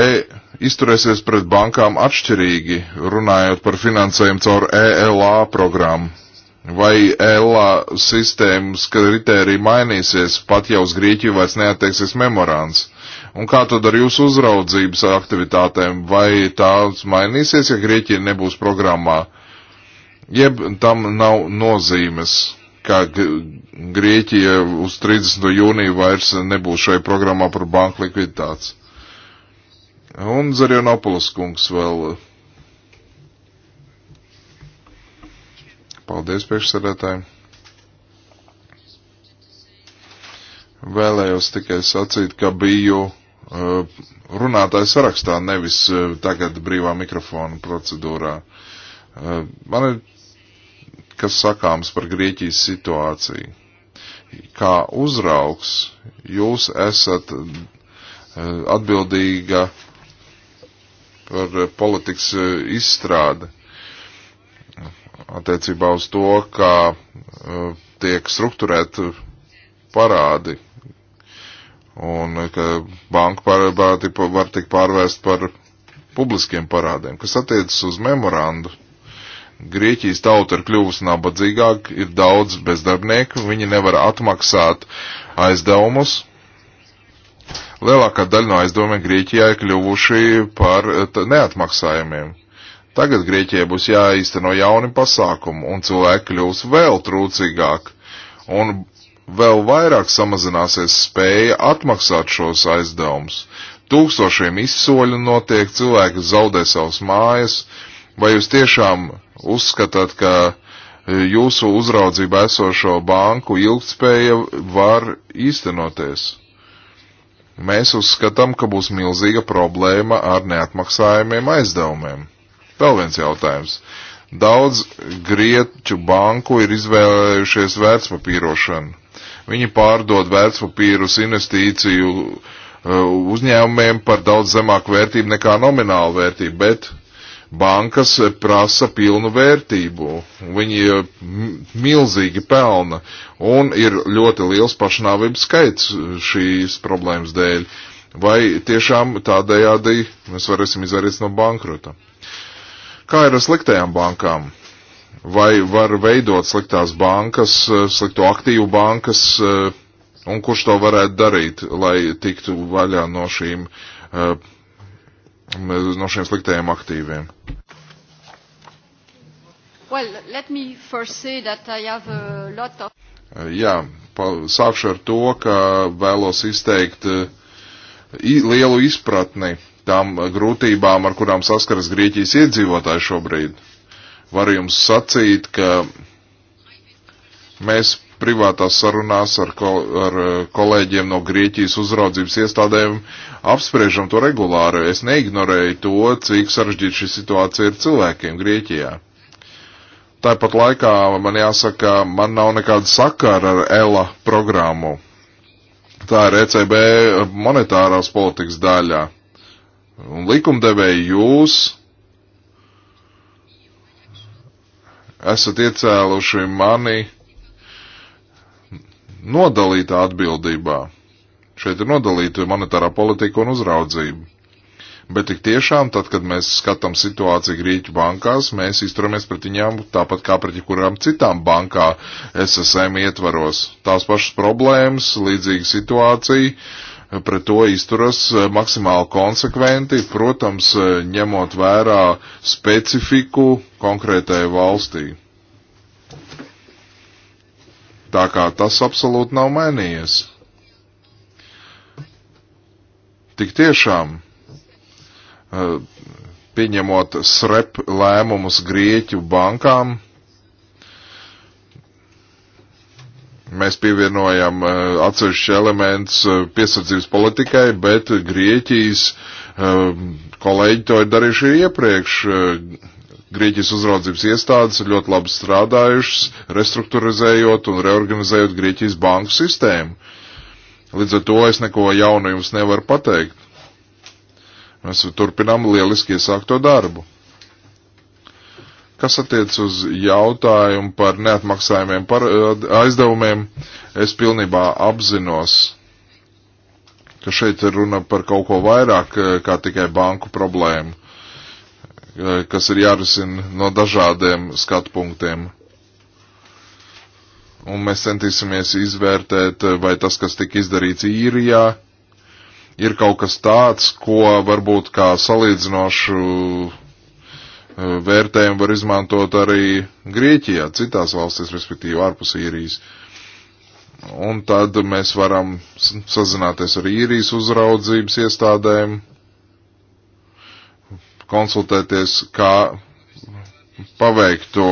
izturēsies pret bankām atšķirīgi, runājot par finansējumu caur ELA programmu? Vai ELA sistēmas kritērija mainīsies, pat jau uz Grieķiju vairs neatteiksies memorāns? Un kā tad ar jūsu uzraudzības aktivitātēm? Vai tās mainīsies, ja Grieķija nebūs programmā? Jeb tam nav nozīmes, ka Grieķija uz 30. jūniju vairs nebūs šai programmā par banku likviditātes. Un Zarionopolis kungs vēl Paldies, priekšsēdētāji. Vēlējos tikai sacīt, ka biju uh, runātāju sarakstā, nevis uh, tagad brīvā mikrofona procedūrā. Uh, man ir kas sakāms par Grieķijas situāciju. Kā uzraugs jūs esat uh, atbildīga par uh, politikas uh, izstrādi attiecībā uz to, kā eh, tiek strukturēti parādi un ka banka parādi var tikt pārvērst par publiskiem parādiem. Kas attiecas uz memorandu, Grieķijas tauta ir kļuvusi nabadzīgāk, ir daudz bezdarbnieku, viņi nevar atmaksāt aizdevumus. Lielākā daļa no aizdevumiem Grieķijā ir kļuvuši par eh, neatmaksājumiem. Tagad Grieķijai būs jāīsteno jauni pasākumi, un cilvēki kļūs vēl trūcīgāk, un vēl vairāk samazināsies spēja atmaksāt šos aizdevumus. Tūkstošiem izsoļu notiek, cilvēki zaudē savus mājas. Vai jūs tiešām uzskatāt, ka jūsu uzraudzība esošo banku ilgtspēja var īstenoties? Mēs uzskatām, ka būs milzīga problēma ar neatmaksājumiem aizdevumiem. Vēl viens jautājums. Daudz grieķu banku ir izvēlējušies vērtspapīrošanu. Viņi pārdod vērtspapīrus investīciju uh, uzņēmumiem par daudz zemāku vērtību nekā nominālu vērtību, bet bankas prasa pilnu vērtību. Viņi uh, milzīgi pelna un ir ļoti liels pašnāvības skaits uh, šīs problēmas dēļ. Vai tiešām tādējādi mēs varēsim izvairīties no bankrota? Kā ir ar sliktajām bankām? Vai var veidot sliktās bankas, eh, slikto aktīvu bankas, eh, un kurš to varētu darīt, lai tiktu vaļā no šīm, eh, no šiem sliktajiem aktīviem? Well, let me first say that I have a lot of... Jā, pa, sākšu ar to, ka vēlos izteikt uh, lielu izpratni tām grūtībām, ar kurām saskaras Grieķijas iedzīvotāji šobrīd. Varu jums sacīt, ka mēs privātās sarunās ar, kol ar eh, kolēģiem no Grieķijas uzraudzības iestādēm apspriežam to regulāri. Es neignorēju to, cik sarežģīta šī situācija ir cilvēkiem Grieķijā. Tāpat laikā man jāsaka, man nav nekāda sakara ar ELA programmu. Tā ir ECB monetārās politikas daļā un likumdevēji jūs esat iecēluši mani nodalītā atbildībā. Šeit ir nodalīta monetārā politika un uzraudzība. Bet tik tiešām, tad, kad mēs skatām situāciju Grieķu bankās, mēs izturamies pret viņām tāpat kā pret jebkurām citām bankā SSM ietvaros. Tās pašas problēmas, līdzīga situācija, uh, pret to izturas eh, maksimāli konsekventi, protams, eh, ņemot vērā specifiku konkrētajai valstī. Tā kā tas absolūti nav mainījies. Tik tiešām, eh, pieņemot SREP lēmumus Grieķu bankām, Mēs pievienojam eh, atsevišķi elements eh, piesardzības politikai, bet Grieķijas eh, kolēģi to ir darījuši iepriekš. Grieķijas uzraudzības iestādes ir ļoti labi strādājušas, restruktūrizējot un reorganizējot Grieķijas banku sistēmu. Līdz ar to es neko jaunu jums nevaru pateikt. Mēs turpinām lieliski iesākto darbu. Kas attiec uz jautājumu par neatmaksājumiem par eh, aizdevumiem, es pilnībā apzinos, ka šeit ir runa par kaut ko vairāk eh, kā tikai banku problēmu, eh, kas ir jārisina no dažādiem skatu punktiem. Un mēs centīsimies izvērtēt, vai tas, kas tika izdarīts īrijā, ir kaut kas tāds, ko varbūt kā salīdzinošu Eh, vērtējumu var izmantot arī Grieķijā, citās valstīs, respektīvi ārpus īrijas. Un tad mēs varam sazināties ar īrijas uzraudzības iestādēm, konsultēties, kā paveikt to.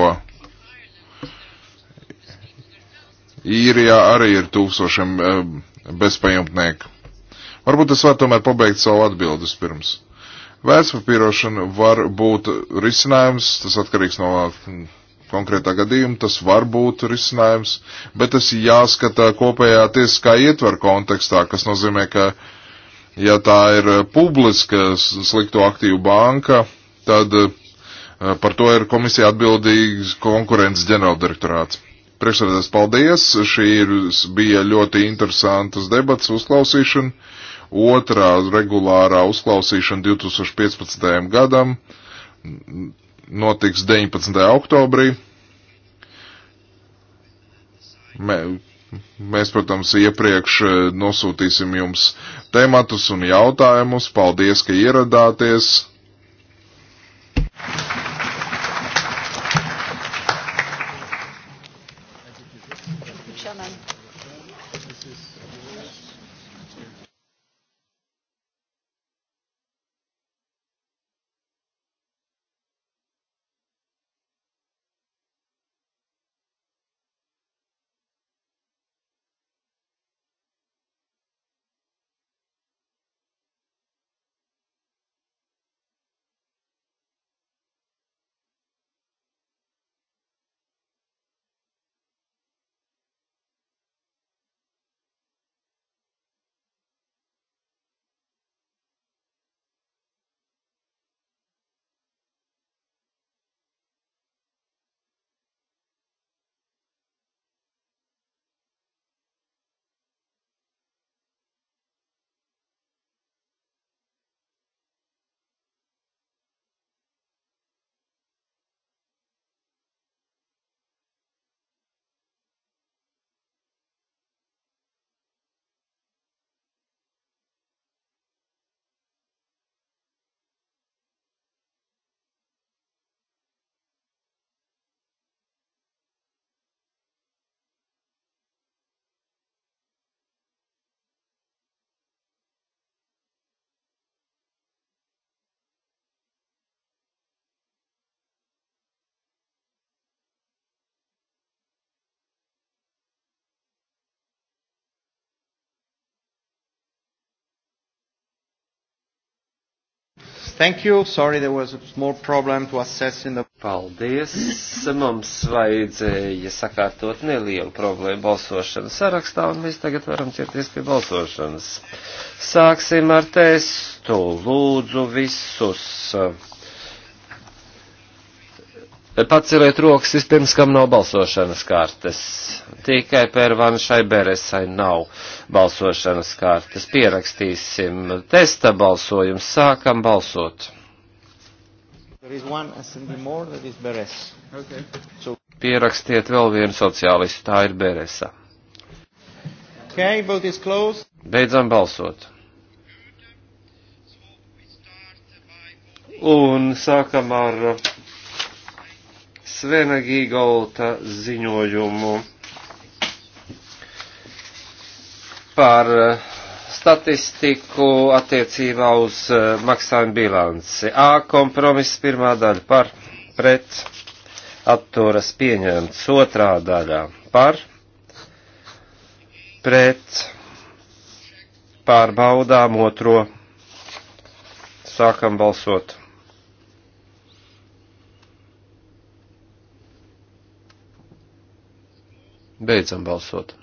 Īrijā arī ir tūkstošiem eh, bezpajumtnieku. Varbūt es varu tomēr pabeigt savu atbildus pirms. Vērtspapīrošana var būt risinājums, tas atkarīgs no mm, konkrētā gadījuma, tas var būt risinājums, bet tas jāskata kopējā tiesiskā ietvara kontekstā, kas nozīmē, ka ja tā ir publiska slikto aktīvu banka, tad eh, par to ir komisija atbildīgs konkurences ģenerāldirektorāts. Priekšsēdētājs, paldies! Šī ir, bija ļoti interesantas debats, uzklausīšana otrā regulārā uzklausīšana 2015. gadam notiks 19. oktobrī. Mē, Mēs, protams, iepriekš e, nosūtīsim jums tematus un jautājumus. Paldies, ka ieradāties. Thank you. Sorry, there was a small problem to assess in the... Paldies. Mums vajadzēja sakārtot nelielu problēmu balsošanas sarakstā, un mēs tagad varam ķerties pie balsošanas. Sāksim ar testu. Lūdzu visus paceliet rokas vispirms, kam nav balsošanas kārtas. Tikai pērvanšai beresai nav balsošanas kārtas. Pierakstīsim testa balsojumu, sākam balsot. Okay. So... Pierakstiet vēl vienu sociālistu, tā ir Beresa. Okay, Beidzam balsot. Un sākam ar Svena Gīgolta ziņojumu par eh, statistiku attiecībā uz eh, maksājumu bilanci. A kompromiss pirmā daļa par pret atturas pieņemts otrā daļā par pret pārbaudām otro sākam balsot. Beidzam balsot.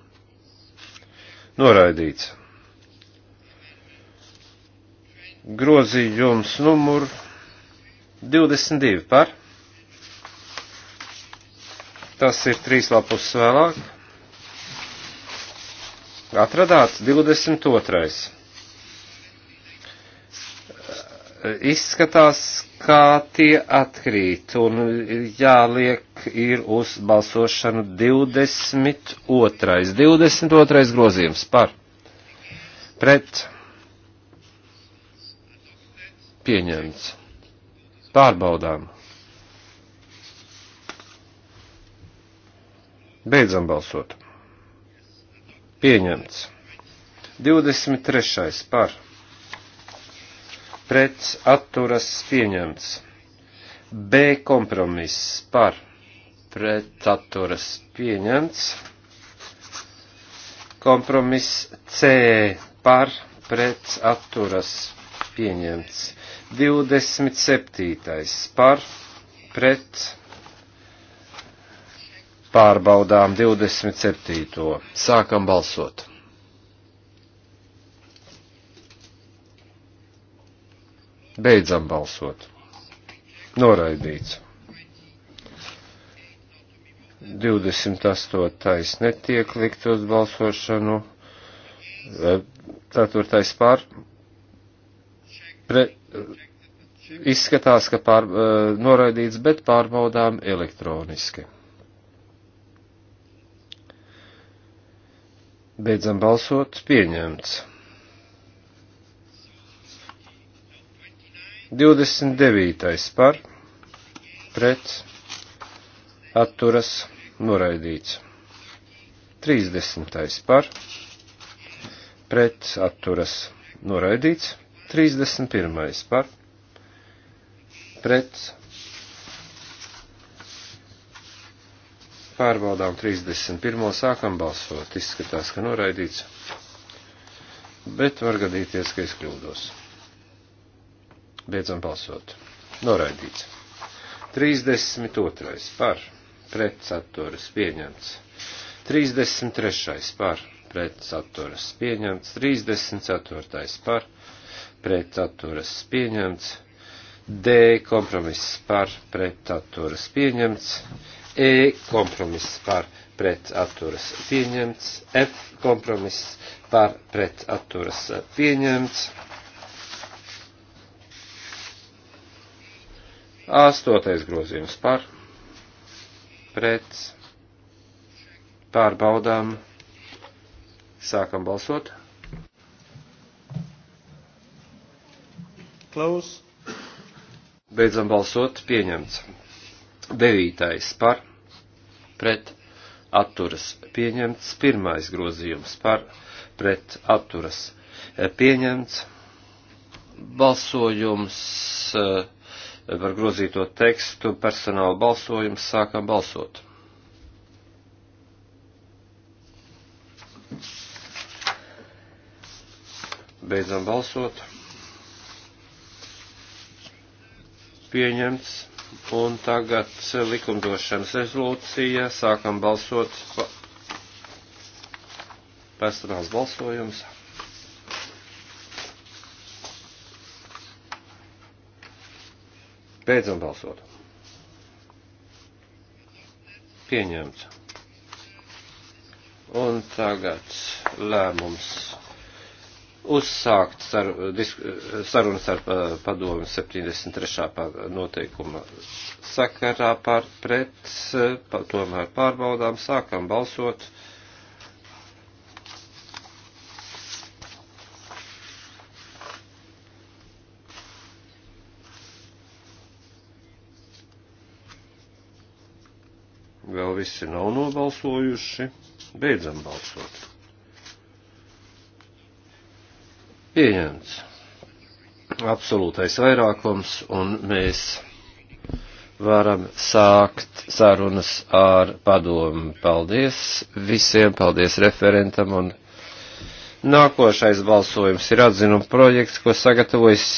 Noraidīts. Grozījums numur 22 par. Tas ir trīs lapus vēlāk. Atradāts 22 izskatās, kā tie atkrīt, un jāliek ir uz balsošanu 22. 22. grozījums par pret pieņemts. Pārbaudām. Beidzam balsot. Pieņemts. 23. par pret atturas pieņemts. B kompromiss par pret atturas pieņemts. Kompromiss C par pret atturas pieņemts. 27. par pret pārbaudām 27. Sākam balsot. Beidzam balsot. Noraidīts. 28. netiek likt uz balsošanu. 4. Eh, pār. Pre, eh, izskatās, ka pār, eh, noraidīts, bet pārbaudām elektroniski. Beidzam balsot. Pieņemts. 29. par pret atturas noraidīts. 30. par pret atturas noraidīts. 31. par pret pārbaudām 31. sākam balsot. Izskatās, ka noraidīts, bet var gadīties, ka es kļūdos. Beidzam balsot. Noraidīts. 32. par pretsaturas pieņemts. 33. par pretsaturas pieņemts. 34. par pretsaturas pieņemts. D kompromiss par pretsaturas pieņemts. E kompromiss par pretatturas pieņemts. F kompromiss par pretatturas pieņemts. Astotais grozījums par, pret, pārbaudām, sākam balsot. Close. Beidzam balsot, pieņemts. Devītais par, pret, atturas, pieņemts. Pirmais grozījums par, pret, atturas, pieņemts. Balsojums. Uh, par grozīto tekstu personāla balsojums sākam balsot. Beidzam balsot. Pieņemts. Un tagad likumdošanas rezolūcija. Sākam balsot. Personāls balsojums. Beidzam balsot. Pieņemts. Un tagad lēmums uzsākt sar, disk, sarunas ar padomu 73. noteikuma sakarā par pret, eh, tomēr pārbaudām, sākam balsot. Uh, visi nav nobalsojuši. Beidzam balsot. Pieņemts. Absolūtais vairākums un mēs varam sākt sarunas ar padomu. Paldies visiem, paldies referentam un nākošais balsojums ir atzinuma projekts, ko sagatavojas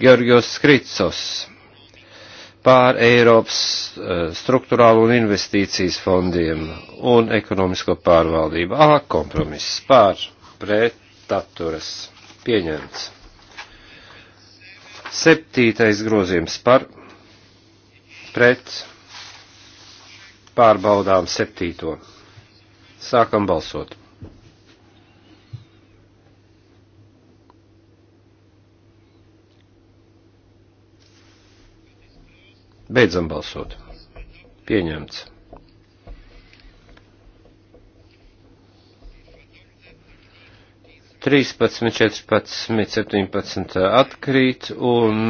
Georgios Skricos pār Eiropas eh, struktūrālu un investīcijas fondiem un ekonomisko pārvaldību. A kompromiss pār pret atturas pieņemts. Septītais grozījums par pret pārbaudām septīto. Sākam balsot. Beidzam balsot. Pieņemts. Trīspadsmit, četrpadsmit, septiņpadsmit atkrīt un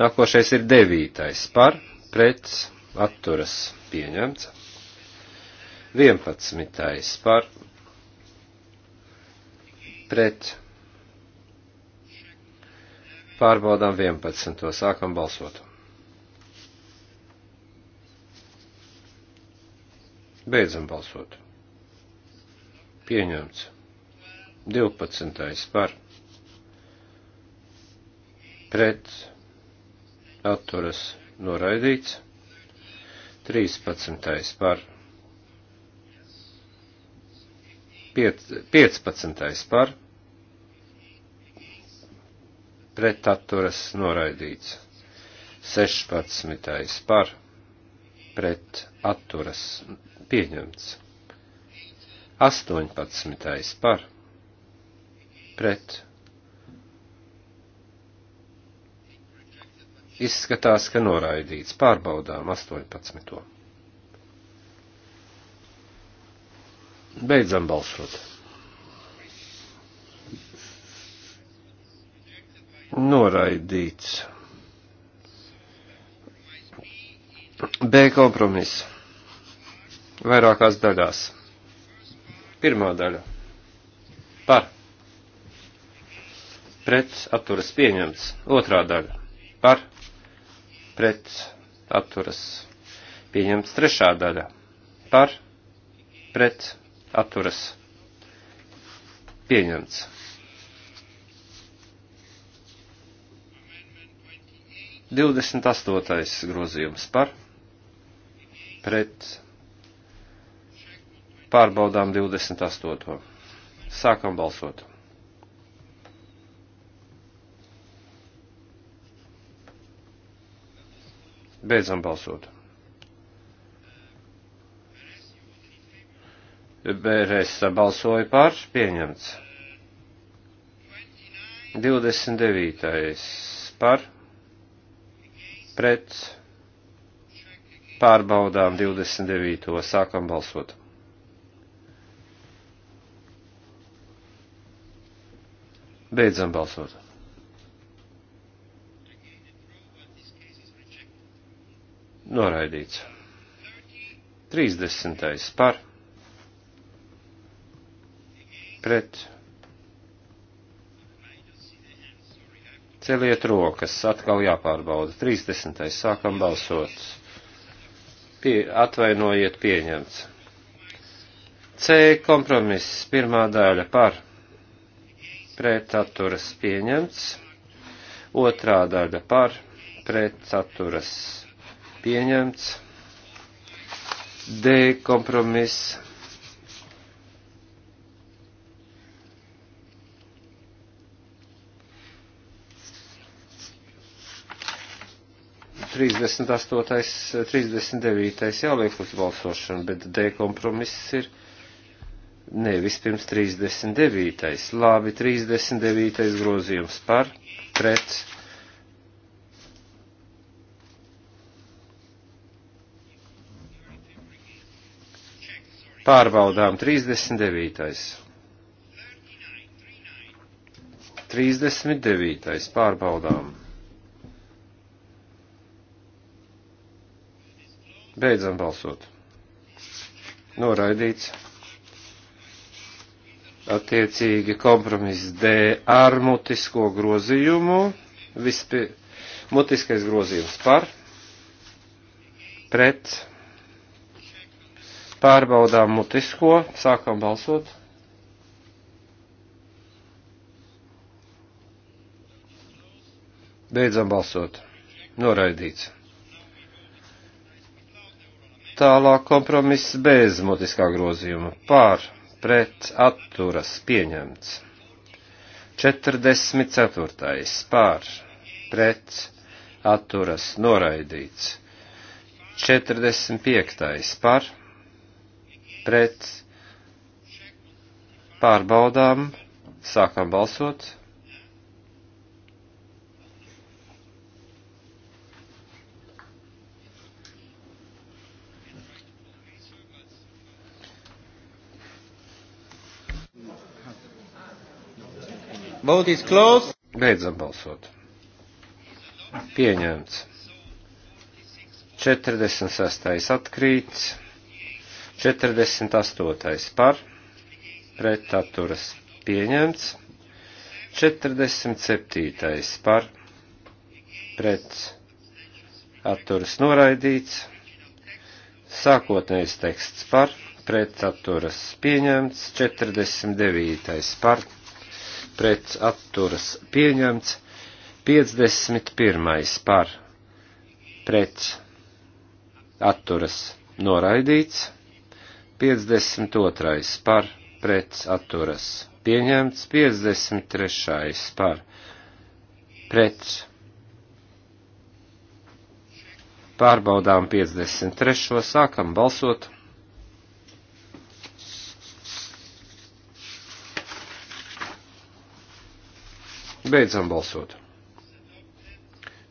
nākošais ir devītais par, pret, atturas pieņemts. Vienpadsmitais par, pret, pārbaudām vienpadsmito, sākam balsot. Beidzam balsot. Pieņemts. 12. par. Pret. Atturas noraidīts. 13. par. 15. par pretaturas noraidīts, 16. par pretaturas pieņemts. 18. par pret. Izskatās, ka noraidīts. Pārbaudām 18. Beidzam balsot. Noraidīts. B kompromiss vairākās daļās. Pirmā daļa par pret atturas pieņemts, otrā daļa par pret atturas pieņemts, trešā daļa par pret atturas pieņemts. Divdesmit astotais grozījums par pret Pārbaudām 28. Sākam balsot. Beidzam balsot. Bērēs balsoja par, pieņemts. 29. par, pret, pārbaudām 29. sākam balsot. Beidzam balsot. Noraidīts. 30. par pret celiet rokas, atkal jāpārbauda. 30. sākam balsot. Pie, atvainojiet pieņemts. C kompromiss, pirmā daļa par pret pretaturas pieņemts, otrā daļa par pretaturas pieņemts, D kompromiss. Trīsdesmit astotais, trīsdesmit devītais jāliek uz balsošanu, bet D kompromiss ir Nē, vispirms 39. Labi, 39. grozījums par, pret. Pārbaudām 39. 39. pārbaudām. Beidzam balsot. Noraidīts attiecīgi kompromiss D ar mutisko grozījumu. Vispie, mutiskais grozījums par, pret, pārbaudām mutisko, sākam balsot. Beidzam balsot. Noraidīts. Tālāk kompromiss bez mutiskā grozījuma. Pār pret atturas pieņemts. 44. pār pret atturas noraidīts. 45. par pret pārbaudām sākam balsot. Vote is closed. Beidzam balsot. Pieņemts. 46. atkrīts. 48. par. Pret atturas pieņemts. 47. par. Pret atturas noraidīts. Sākotnējs teksts par. Pret atturas pieņemts. 49. par pret atturas pieņemts, 51. par pret atturas noraidīts, 52. par pret atturas pieņemts, 53. par pret pārbaudām 53. sākam balsot. Beidzam balsot.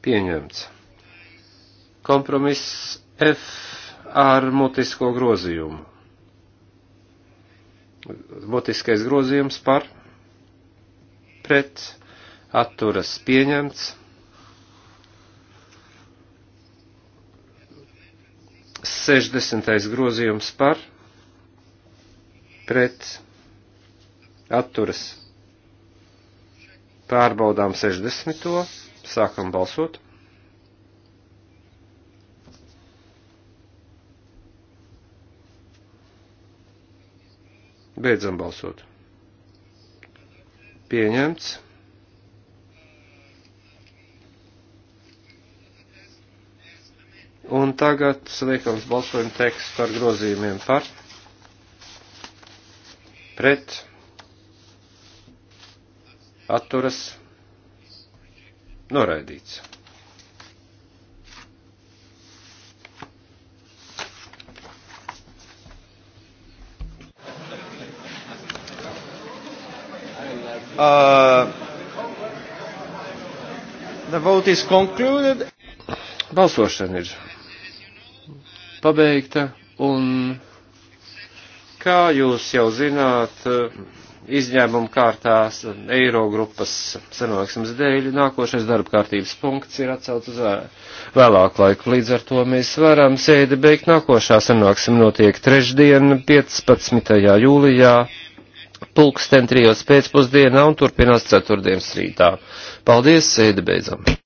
Pieņemts. Kompromiss F ar mutisko grozījumu. Mutiskais grozījums par pret atturas pieņemts. 60. grozījums par pret atturas Pārbaudām 60. Sākam balsot. Beidzam balsot. Pieņemts. Un tagad liekam uz balsojumu tekstu par grozījumiem par pret atturas noraidīts. Uh, the vote is concluded. Balsošana ir pabeigta un, kā jūs jau zināt, izņēmumu kārtās eiro grupas sanāksmes dēļ nākošais darba kārtības punkts ir atcelt uz vēlāku laiku. Līdz ar to mēs varam sēdi beigt. Nākošā sanāksme notiek trešdien, 15. jūlijā, pulksten trijos pēcpusdienā un turpinās ceturtdienas rītā. Paldies, sēdi beidzam!